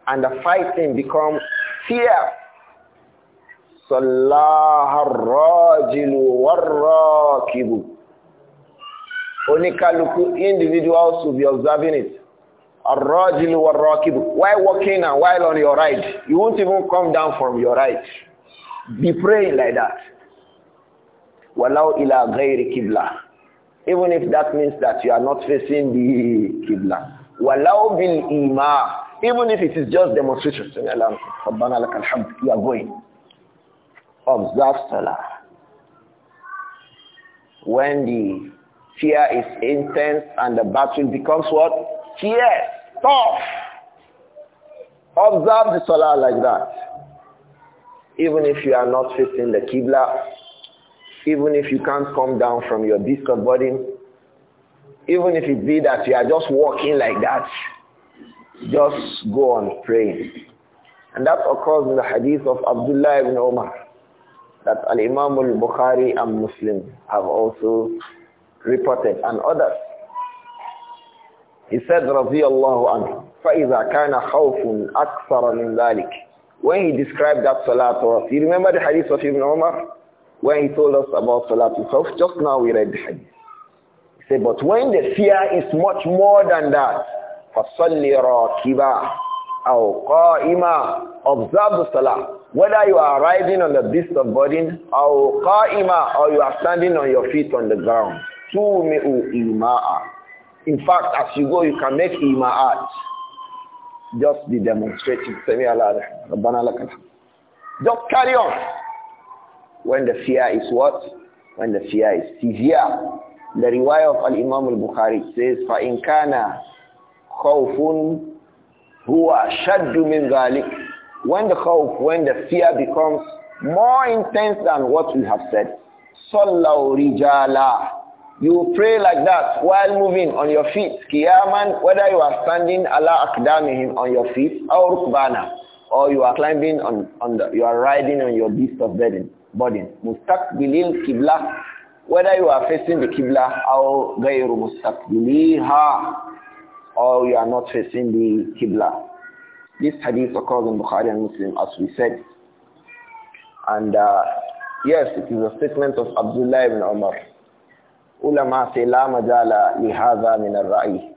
And the fighting becomes fierce. صَلَّاهَ الرَّاجِلُ وَالرَّاكِبُ Onikaluku individuals will be observing it. الرَّاجِلُ While walking and while on your ride, you won't even come down from your ride. Be praying like that walau ila ghayri kibla, even if that means that you are not facing the kibla. walau bil ima even if it is just demonstration rabbana lakal you are going observe salah when the fear is intense and the battle becomes what fierce tough observe the salah like that even if you are not facing the qibla even if you can't come down from your discord body, even if it be that you are just walking like that, just go on praying. And that occurs in the hadith of Abdullah ibn Umar that Al-Imam al-Bukhari and Muslim have also reported and others. He said, radiyallahu anhu, فَإِذَا كَانَ خَوْفٌ أَكْثَرَ مِنْ ذَلِكَ When he described that salat, you remember the hadith of Ibn Umar? When he told us about Salat itself, just now we read the hadith. He said, but when the fear is much more than that, فَصَلِّ رَاكِبًا أَوْ قَائِمًا Observe the Salah. Whether you are riding on the beast of burden, أَوْ قَائِمًا or you are standing on your feet on the ground. تُومِئُ إِمَاءً In fact, as you go, you can make ima'at just be demonstrating. Just carry on. When the fear is what? When the fear is severe. The riwayah of Al-Imam al-Bukhari says, فَإِنْ كَانَ خَوْفٌ هُوَ شَدُّ مِنْ ذَلِكَ When the khawf, when the fear becomes more intense than what we have said, صَلَّوْ رِجَالًا You pray like that while moving on your feet, qiyaman, whether you are standing ala akdamihim on your feet, or rukbana, or you are climbing on, on the, you are riding on your beast of burden burden. Mustaqbilil Qibla, whether you are facing the Qibla or or you are not facing the Qibla. This hadith occurs in Bukhari and Muslim as we said. And uh, yes, it is a statement of Abdullah ibn Umar. Ulama say la majala min al-ra'i.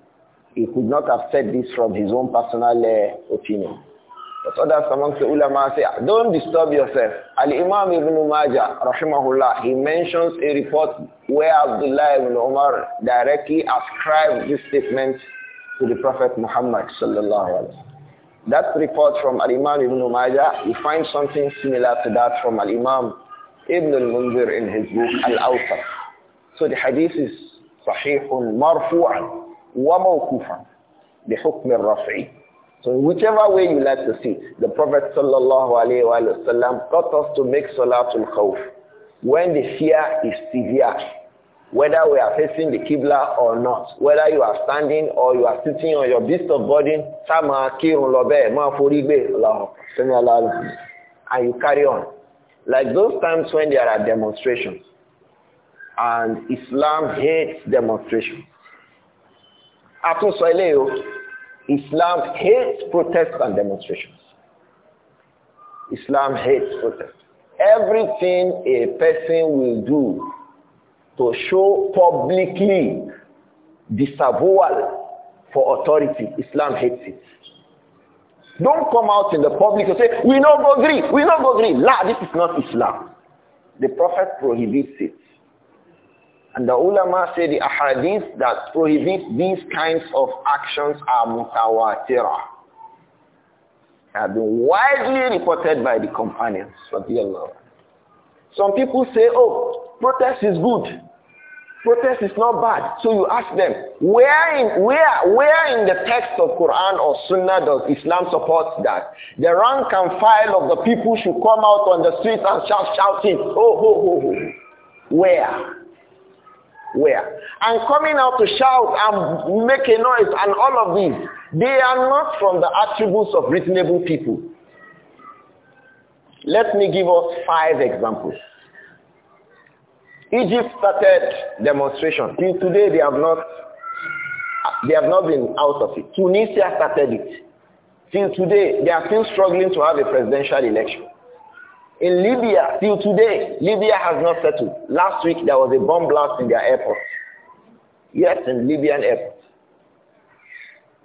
He could not have said this from his own personal uh, opinion. But others amongst the ulama say, don't disturb yourself. Al-Imam Ibn Majah, rahimahullah, he mentions a report where Abdullah ibn Umar directly ascribed this statement to the Prophet Muhammad sallallahu alaihi wasallam. That report from Al-Imam Ibn Majah, you find something similar to that from Al-Imam Ibn al-Munzir in his book Al-Awsat. So the hadith is صحيح مرفوعا وموقوفا بحكم الرفع so whichever way you like to see, the Prophet sallallahu alaihi wasallam taught us to make salatul khawf when the fear is severe, whether we are facing the Qibla or not, whether you are standing or you are sitting on your beast of burden, and you carry on. Like those times when there are demonstrations and Islam hates demonstrations. Islam hates protests and demonstrations. Islam hates protest. Everything a person will do to show publicly disavowal for authority, Islam hates it. Don't come out in the public and say, we not agree, we not agree. La, this is not Islam. The Prophet prohibits it. And the ulama say the ahadith that prohibit these kinds of actions are mutawatirah. Have been widely reported by the companions of the Allah. Some people say, oh, protest is good. Protest is not bad. So you ask them, where in, where, where in the text of Quran or Sunnah does Islam support that? The rank and file of the people should come out on the streets and shout, shouting, oh, ho, ho, ho. Where? Where And coming out to shout and make a noise and all of these, they are not from the attributes of reasonable people. Let me give us five examples. Egypt started demonstration. Till today they have not they have not been out of it. Tunisia started it. Till today they are still struggling to have a presidential election. In Libya, till today, Libya has not settled. Last week, there was a bomb blast in their airport. Yes, in Libyan airport.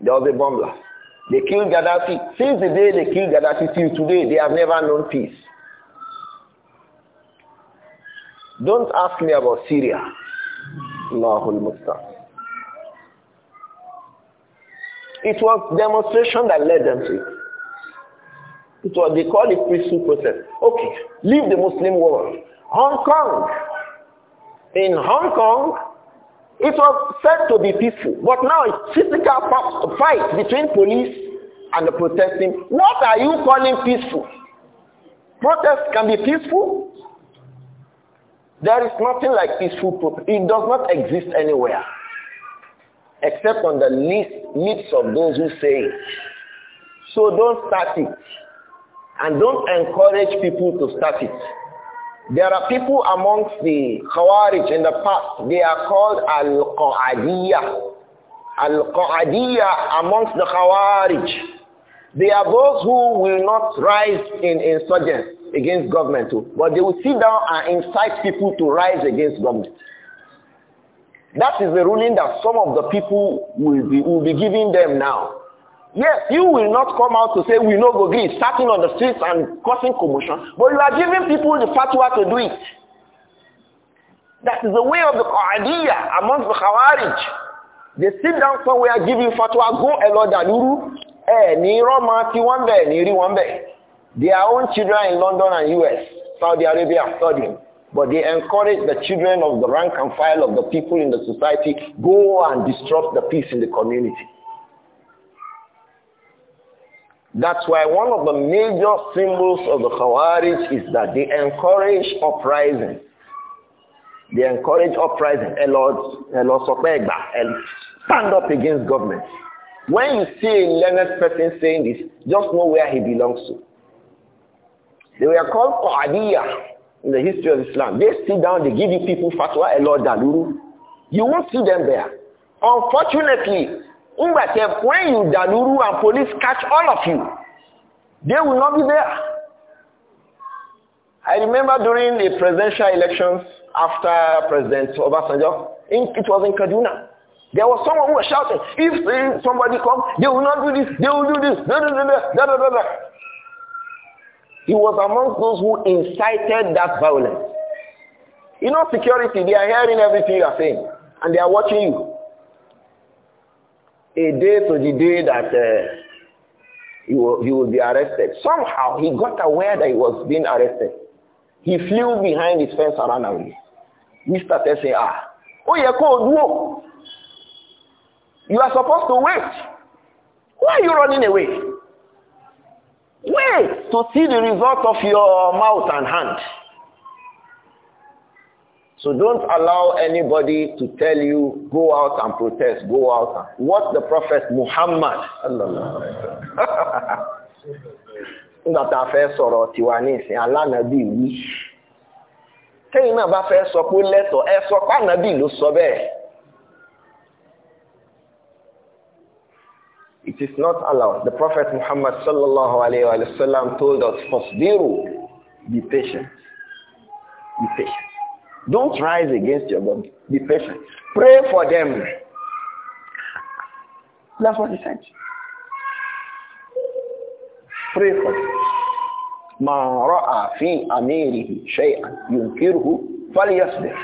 There was a bomb blast. They killed Gaddafi. Since the day they killed Gaddafi till today, they have never known peace. Don't ask me about Syria. Allahul Mustafa. It was demonstration that led them to it. It what they call it peaceful process. Okay, leave the Muslim world. Hong Kong. In Hong Kong, it was said to be peaceful, but now it's physical fight between police and the protesting. What are you calling peaceful? Protests can be peaceful. There is nothing like peaceful protest. It does not exist anywhere except on the list, lips of those who say it. So don't start it. And don't encourage people to start it. There are people amongst the Khawarij in the past, they are called Al-Qa'adiyah. Al-Qa'adiyah amongst the Khawarij. They are those who will not rise in insurgence against government, too, but they will sit down and incite people to rise against government. That is the ruling that some of the people will be, will be giving them now. Yes, you will not come out to say we no go agree, starting on the streets and causing commotion, but you are giving people the fatwa to do it. That is the way of the Qa'adiyya amongst the Khawarij. They sit down somewhere, give you fatwa, go Elo Daluru, eh, Niro, Roma ti one day, ni one bẹ̀. Their own children in London and US, Saudi Arabia are studying. But they encourage the children of the rank and file of the people in the society, go and disrupt the peace in the community. That's why one of the major symbols of the Khawarij is that they encourage uprising. They encourage uprising. Stand up against government. When you see a learned person saying this, just know where he belongs to. They were called Qadiyah in the history of Islam. They sit down, they give you people fatwa, a lot daluru. You won't see them there. Unfortunately, when you Daluru and police catch all of you, they will not be there. I remember during the presidential elections after President Obasanjo, it was in Kaduna. There was someone who was shouting, if, somebody comes, they will not do this, they will do this, da da da da da da da. He was among those who incited that violence. You know security, they are hearing everything you are saying and they are watching you a day to the day that uh, he, will, he will be arrested. Somehow he got aware that he was being arrested. He flew behind his fence and ran away. Mister started saying, ah, oh cold, whoa. You are supposed to wait. Why are you running away? Wait to see the result of your mouth and hand. So don't allow anybody to tell you, go out and protest, go out. what the Prophet Muhammad, sọ It is not allowed. The Prophet Muhammad sallallahu alayhi wa sallam told us, first, be patient. Be patient. Don't rise against your God. Be patient. Pray for them. That's what he said. Pray for them. ما رأى في أميره شيئا ينكره فليصبر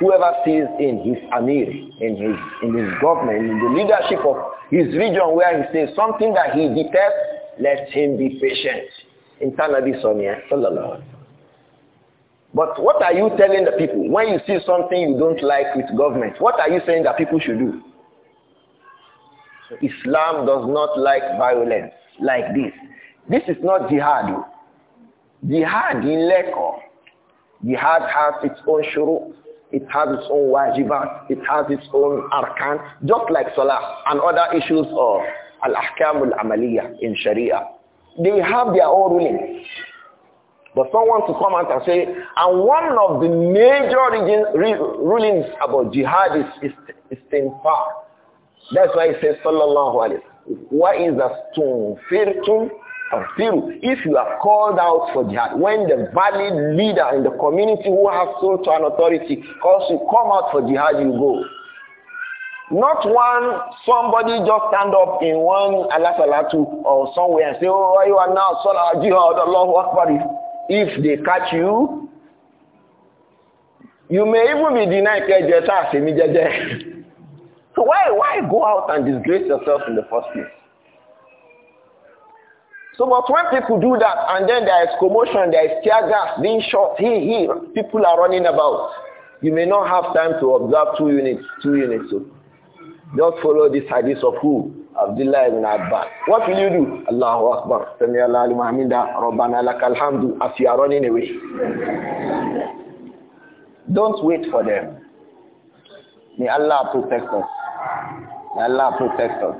whoever sees in his amir, in his in his government, in the leadership of his region where he says something that he detests, let him be patient. In Tanabi Sonia, sallallahu but what are you telling the people? When you see something you don't like with government, what are you saying that people should do? Islam does not like violence like this. This is not jihad. Jihad in Lekko. Jihad has its own shuru. It has its own wajibat. It has its own arkan. Just like salah and other issues of al-ahkam al-amaliyah in sharia. They have their own rulings. But someone to come out and say, and one of the major region, re, rulings about jihad is istinfar. That's why it says, sallallahu alayhi wa is a stone? Firtum If you are called out for jihad, when the valid leader in the community who has sold to an authority calls you, come out for jihad, you go. Not one, somebody just stand up in one alasalatu or somewhere and say, oh, you are now salah jihad, Allahu Akbar. If they catch you, you may even be denied Kejeta So why, why go out and disgrace yourself in the first place? So but when people do that and then there is commotion, there is tear gas being shot, here, here, people are running about. You may not have time to observe two units, two units. So just follow this hadith of who? Abdullah ibn Abbas. What will you do? Allahu Akbar. Sami Allah Hamida. Rabbana lakal hamdu. As you are running away. Don't wait for them. May Allah protect us. May Allah protect us.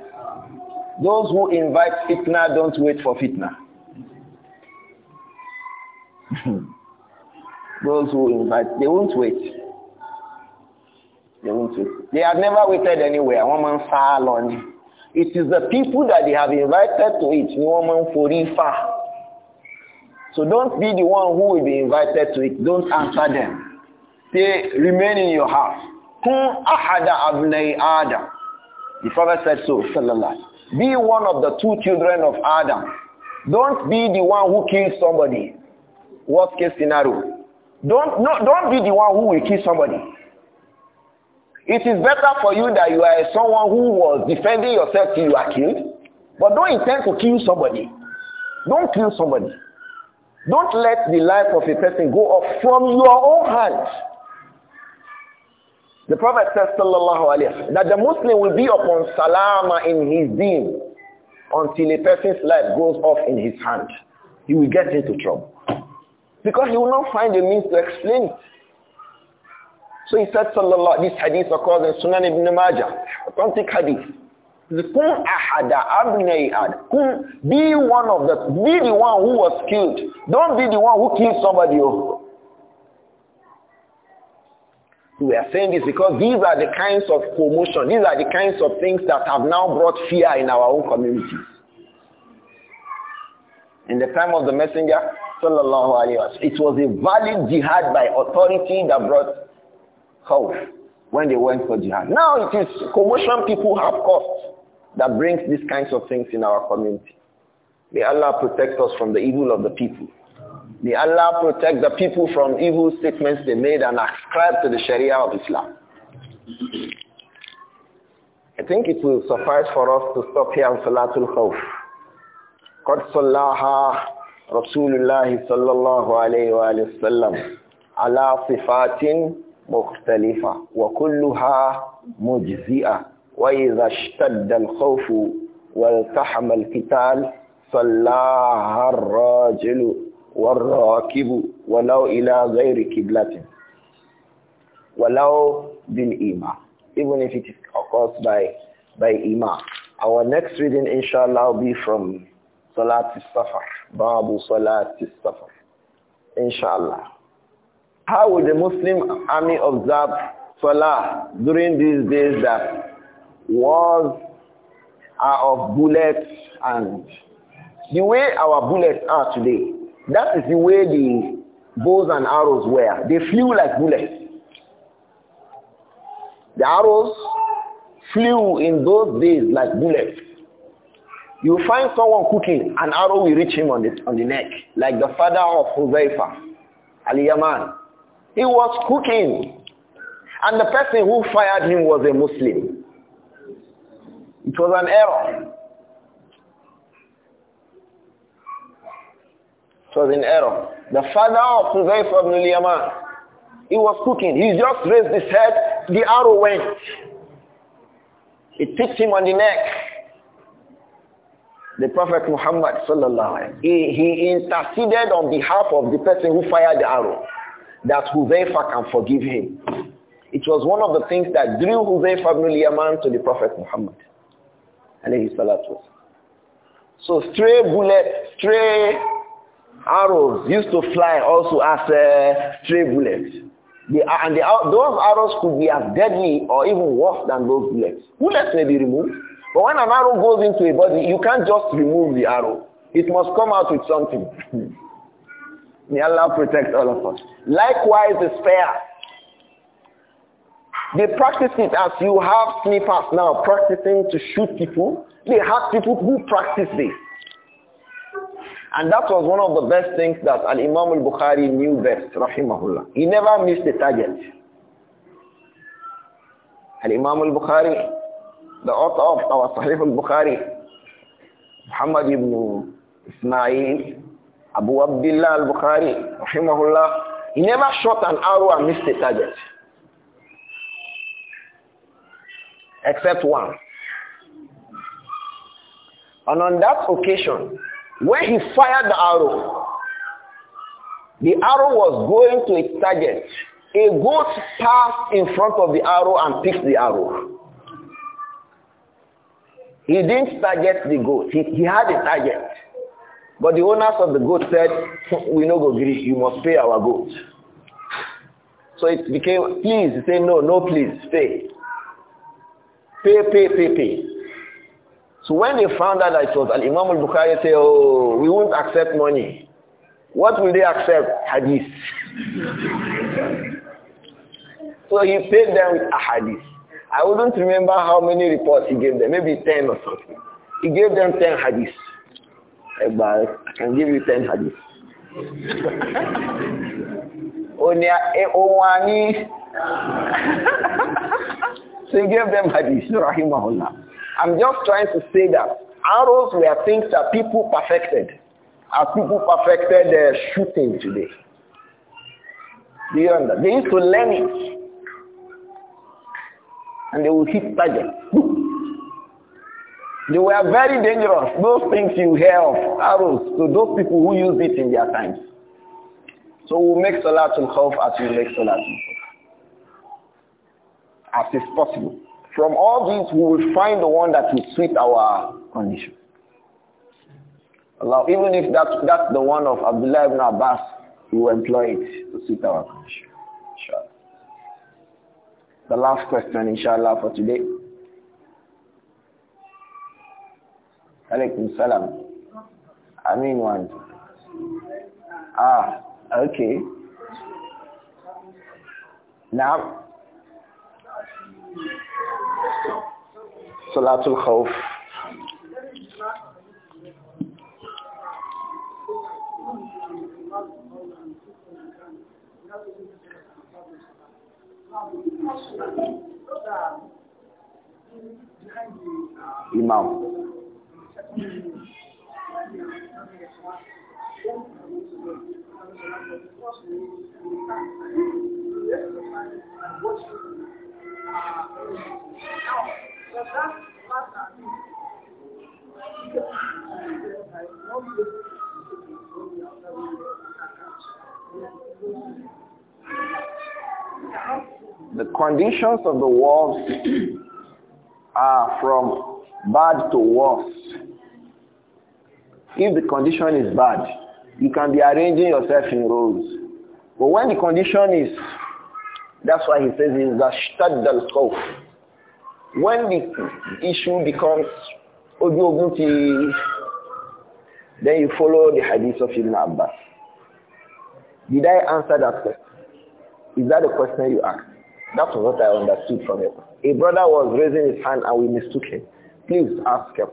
Those who invite fitna, don't wait for fitna. Those who invite, they won't wait. They won't wait. They have never waited anywhere. One man saw lonely. It is the people that they have invited to it, woman for Ifa. So don't be the one who will be invited to it. Don't answer them. They remain in your house. Kun ahada abnai Adam. The Prophet said so, sallallahu Be one of the two children of Adam. Don't be the one who kills somebody. Worst case scenario. Don't, no, don't be the one who will kill somebody. It is better for you that you are someone who was defending yourself till you are killed, but don't intend to kill somebody. Don't kill somebody. Don't let the life of a person go off from your own hands. The Prophet says, sallallahu alayhi that the Muslim will be upon salama in his deen until a person's life goes off in his hand. He will get into trouble. Because he will not find a means to explain it. So he said, sallallahu this hadith called in Sunan ibn Majah, authentic hadith. Kun ahada abnei ad. Kun, be one of the, be the one who was killed. Don't be the one who killed somebody else. Oh. We are saying this because these are the kinds of promotion, these are the kinds of things that have now brought fear in our own communities. In the time of the messenger, sallallahu alayhi wa it was a valid jihad by authority that brought khawf when they went for jihad. Now it is commotion people have caused that brings these kinds of things in our community. May Allah protect us from the evil of the people. May Allah protect the people from evil statements they made and ascribe to the Sharia of Islam. I think it will suffice for us to stop here on Salatul Khawf. قد صلاها رسول الله صلى الله عليه وآله وسلم على صفات مختلفة وكلها مجزئة وإذا اشتد الخوف والتحم القتال صلاها الراجل والراكب ولو إلى غير كبلة ولو بالإيمان even if it is caused by by imam our next reading inshallah will be from salat al-safar babu salat al-safar inshallah How would the Muslim army observe Salah during these days that wars are of bullets and the way our bullets are today, that is the way the bows and arrows were. They flew like bullets. The arrows flew in those days like bullets. You find someone cooking, an arrow will reach him on the, on the neck, like the father of Huzaifa, Ali yaman he was cooking. And the person who fired him was a Muslim. It was an error. It was an error. The father of Huzayf ibn al-Yaman, he was cooking. He just raised his head. The arrow went. It picked him on the neck. The Prophet Muhammad sallallahu he, he interceded on behalf of the person who fired the arrow that Huzaifa can forgive him. It was one of the things that drew Huzaifa ibn Yaman to the Prophet Muhammad. So stray bullets, stray arrows used to fly also as uh, stray bullets. and those arrows could be as deadly or even worse than those bullets. Bullets may be removed, but when an arrow goes into a body, you can't just remove the arrow. It must come out with something. May Allah protect all of us. Likewise, the spare. They practice it as you have snipers now practicing to shoot people. They have people who practice this. And that was one of the best things that Al-Imam al-Bukhari knew best, rahimahullah. He never missed the target. Al-Imam al-Bukhari, the author of our Sahih al-Bukhari, Muhammad ibn Ismail Abu Abdullah al-Bukhari, rahimahullah, he never shot an arrow and missed the target. Except one. And on that occasion, when he fired the arrow, the arrow was going to its target. A goat passed in front of the arrow and picked the arrow. He didn't target the goat. He, he had a target. But the owners of the goat said, we no go greet, you must pay our goat. So it became, please, say no, no, please, pay. Pay, pay, pay, pay. So when they found out that it was Al-Imam al-Bukhari, said, oh, we won't accept money. What will they accept? Hadith. so he paid them with a hadith. I wouldn't remember how many reports he gave them, maybe 10 or something. He gave them 10 hadiths ẹgbàá I can give you ten hadith. ó ní ohun so he gave them hadith rahimahullah. I'm just trying to say that arrows were things that people perfected as people perfected their uh, shooting today. Do you understand? They used to learn it and they will hit targets. They were very dangerous. Those things you hear of, arrows, to those people who used it in their times. So we'll make Salatul Khawf as we make Salatul Khawf. As is possible. From all these, we will find the one that will suit our condition. Allah, even if that, that's the one of Abdullah ibn Abbas, we will employ it to suit our condition. Inshallah. The last question, inshallah, for today. Alaikum salam. I mean one. Ah, okay. Now, Salatul Khawf. Imam. The conditions of the world are from bad to worse. If the condition is bad, you can be arranging yourself in rows. But when the condition is, that's why he says is the standard al When the issue becomes ogun then you follow the hadith of Ibn Abbas. Did I answer that question? Is that the question you asked? That was what I understood from it. A brother was raising his hand and we mistook him. Please ask him.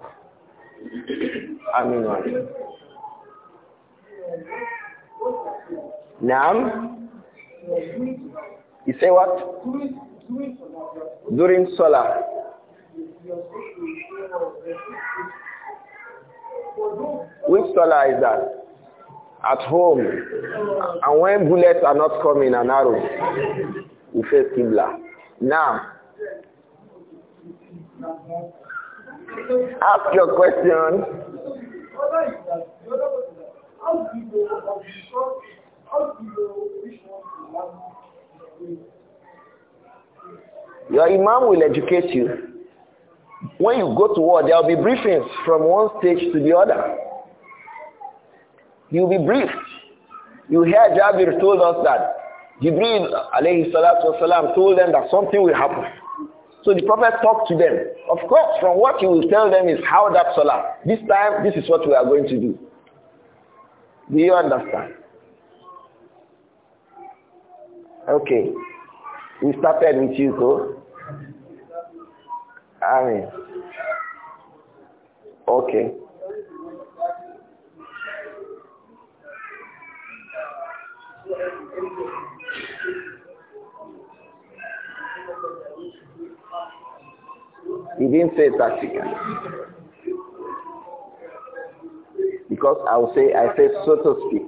Amin Naam. You say what? During Salah. Which Salah is that? At home. And when bullets are not coming and arrows, you face Qibla. Now, Ask your question. Your imam will educate you. When you go to war, there will be briefings from one stage to the other. You'll be briefed. You hear Jabir told us that Jibril alayhi salatu wasalam told them that something will happen. So the prophet talked to them. Of course, from what he will tell them is how that salah. This time, this is what we are going to do. Do you understand? Okay. We started with you, go. I mean, okay. He didn't say tactically. Because I will say, I say so to speak.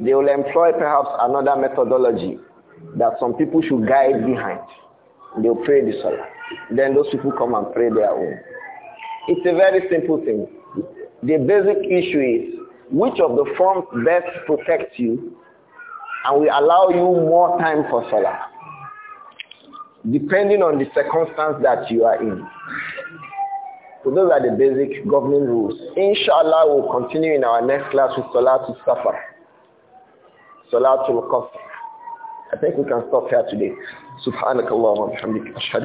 They will employ perhaps another methodology that some people should guide behind. They'll pray the salah. Then those people come and pray their own. It's a very simple thing. The basic issue is which of the forms best protects you and will allow you more time for salah, depending on the circumstance that you are in. So those are the basic governing rules. Inshallah, we'll continue in our next class with to Salatul Salah to Qasr. I think we can stop here today. Subhanallah, اللهم وبحمدك أشهد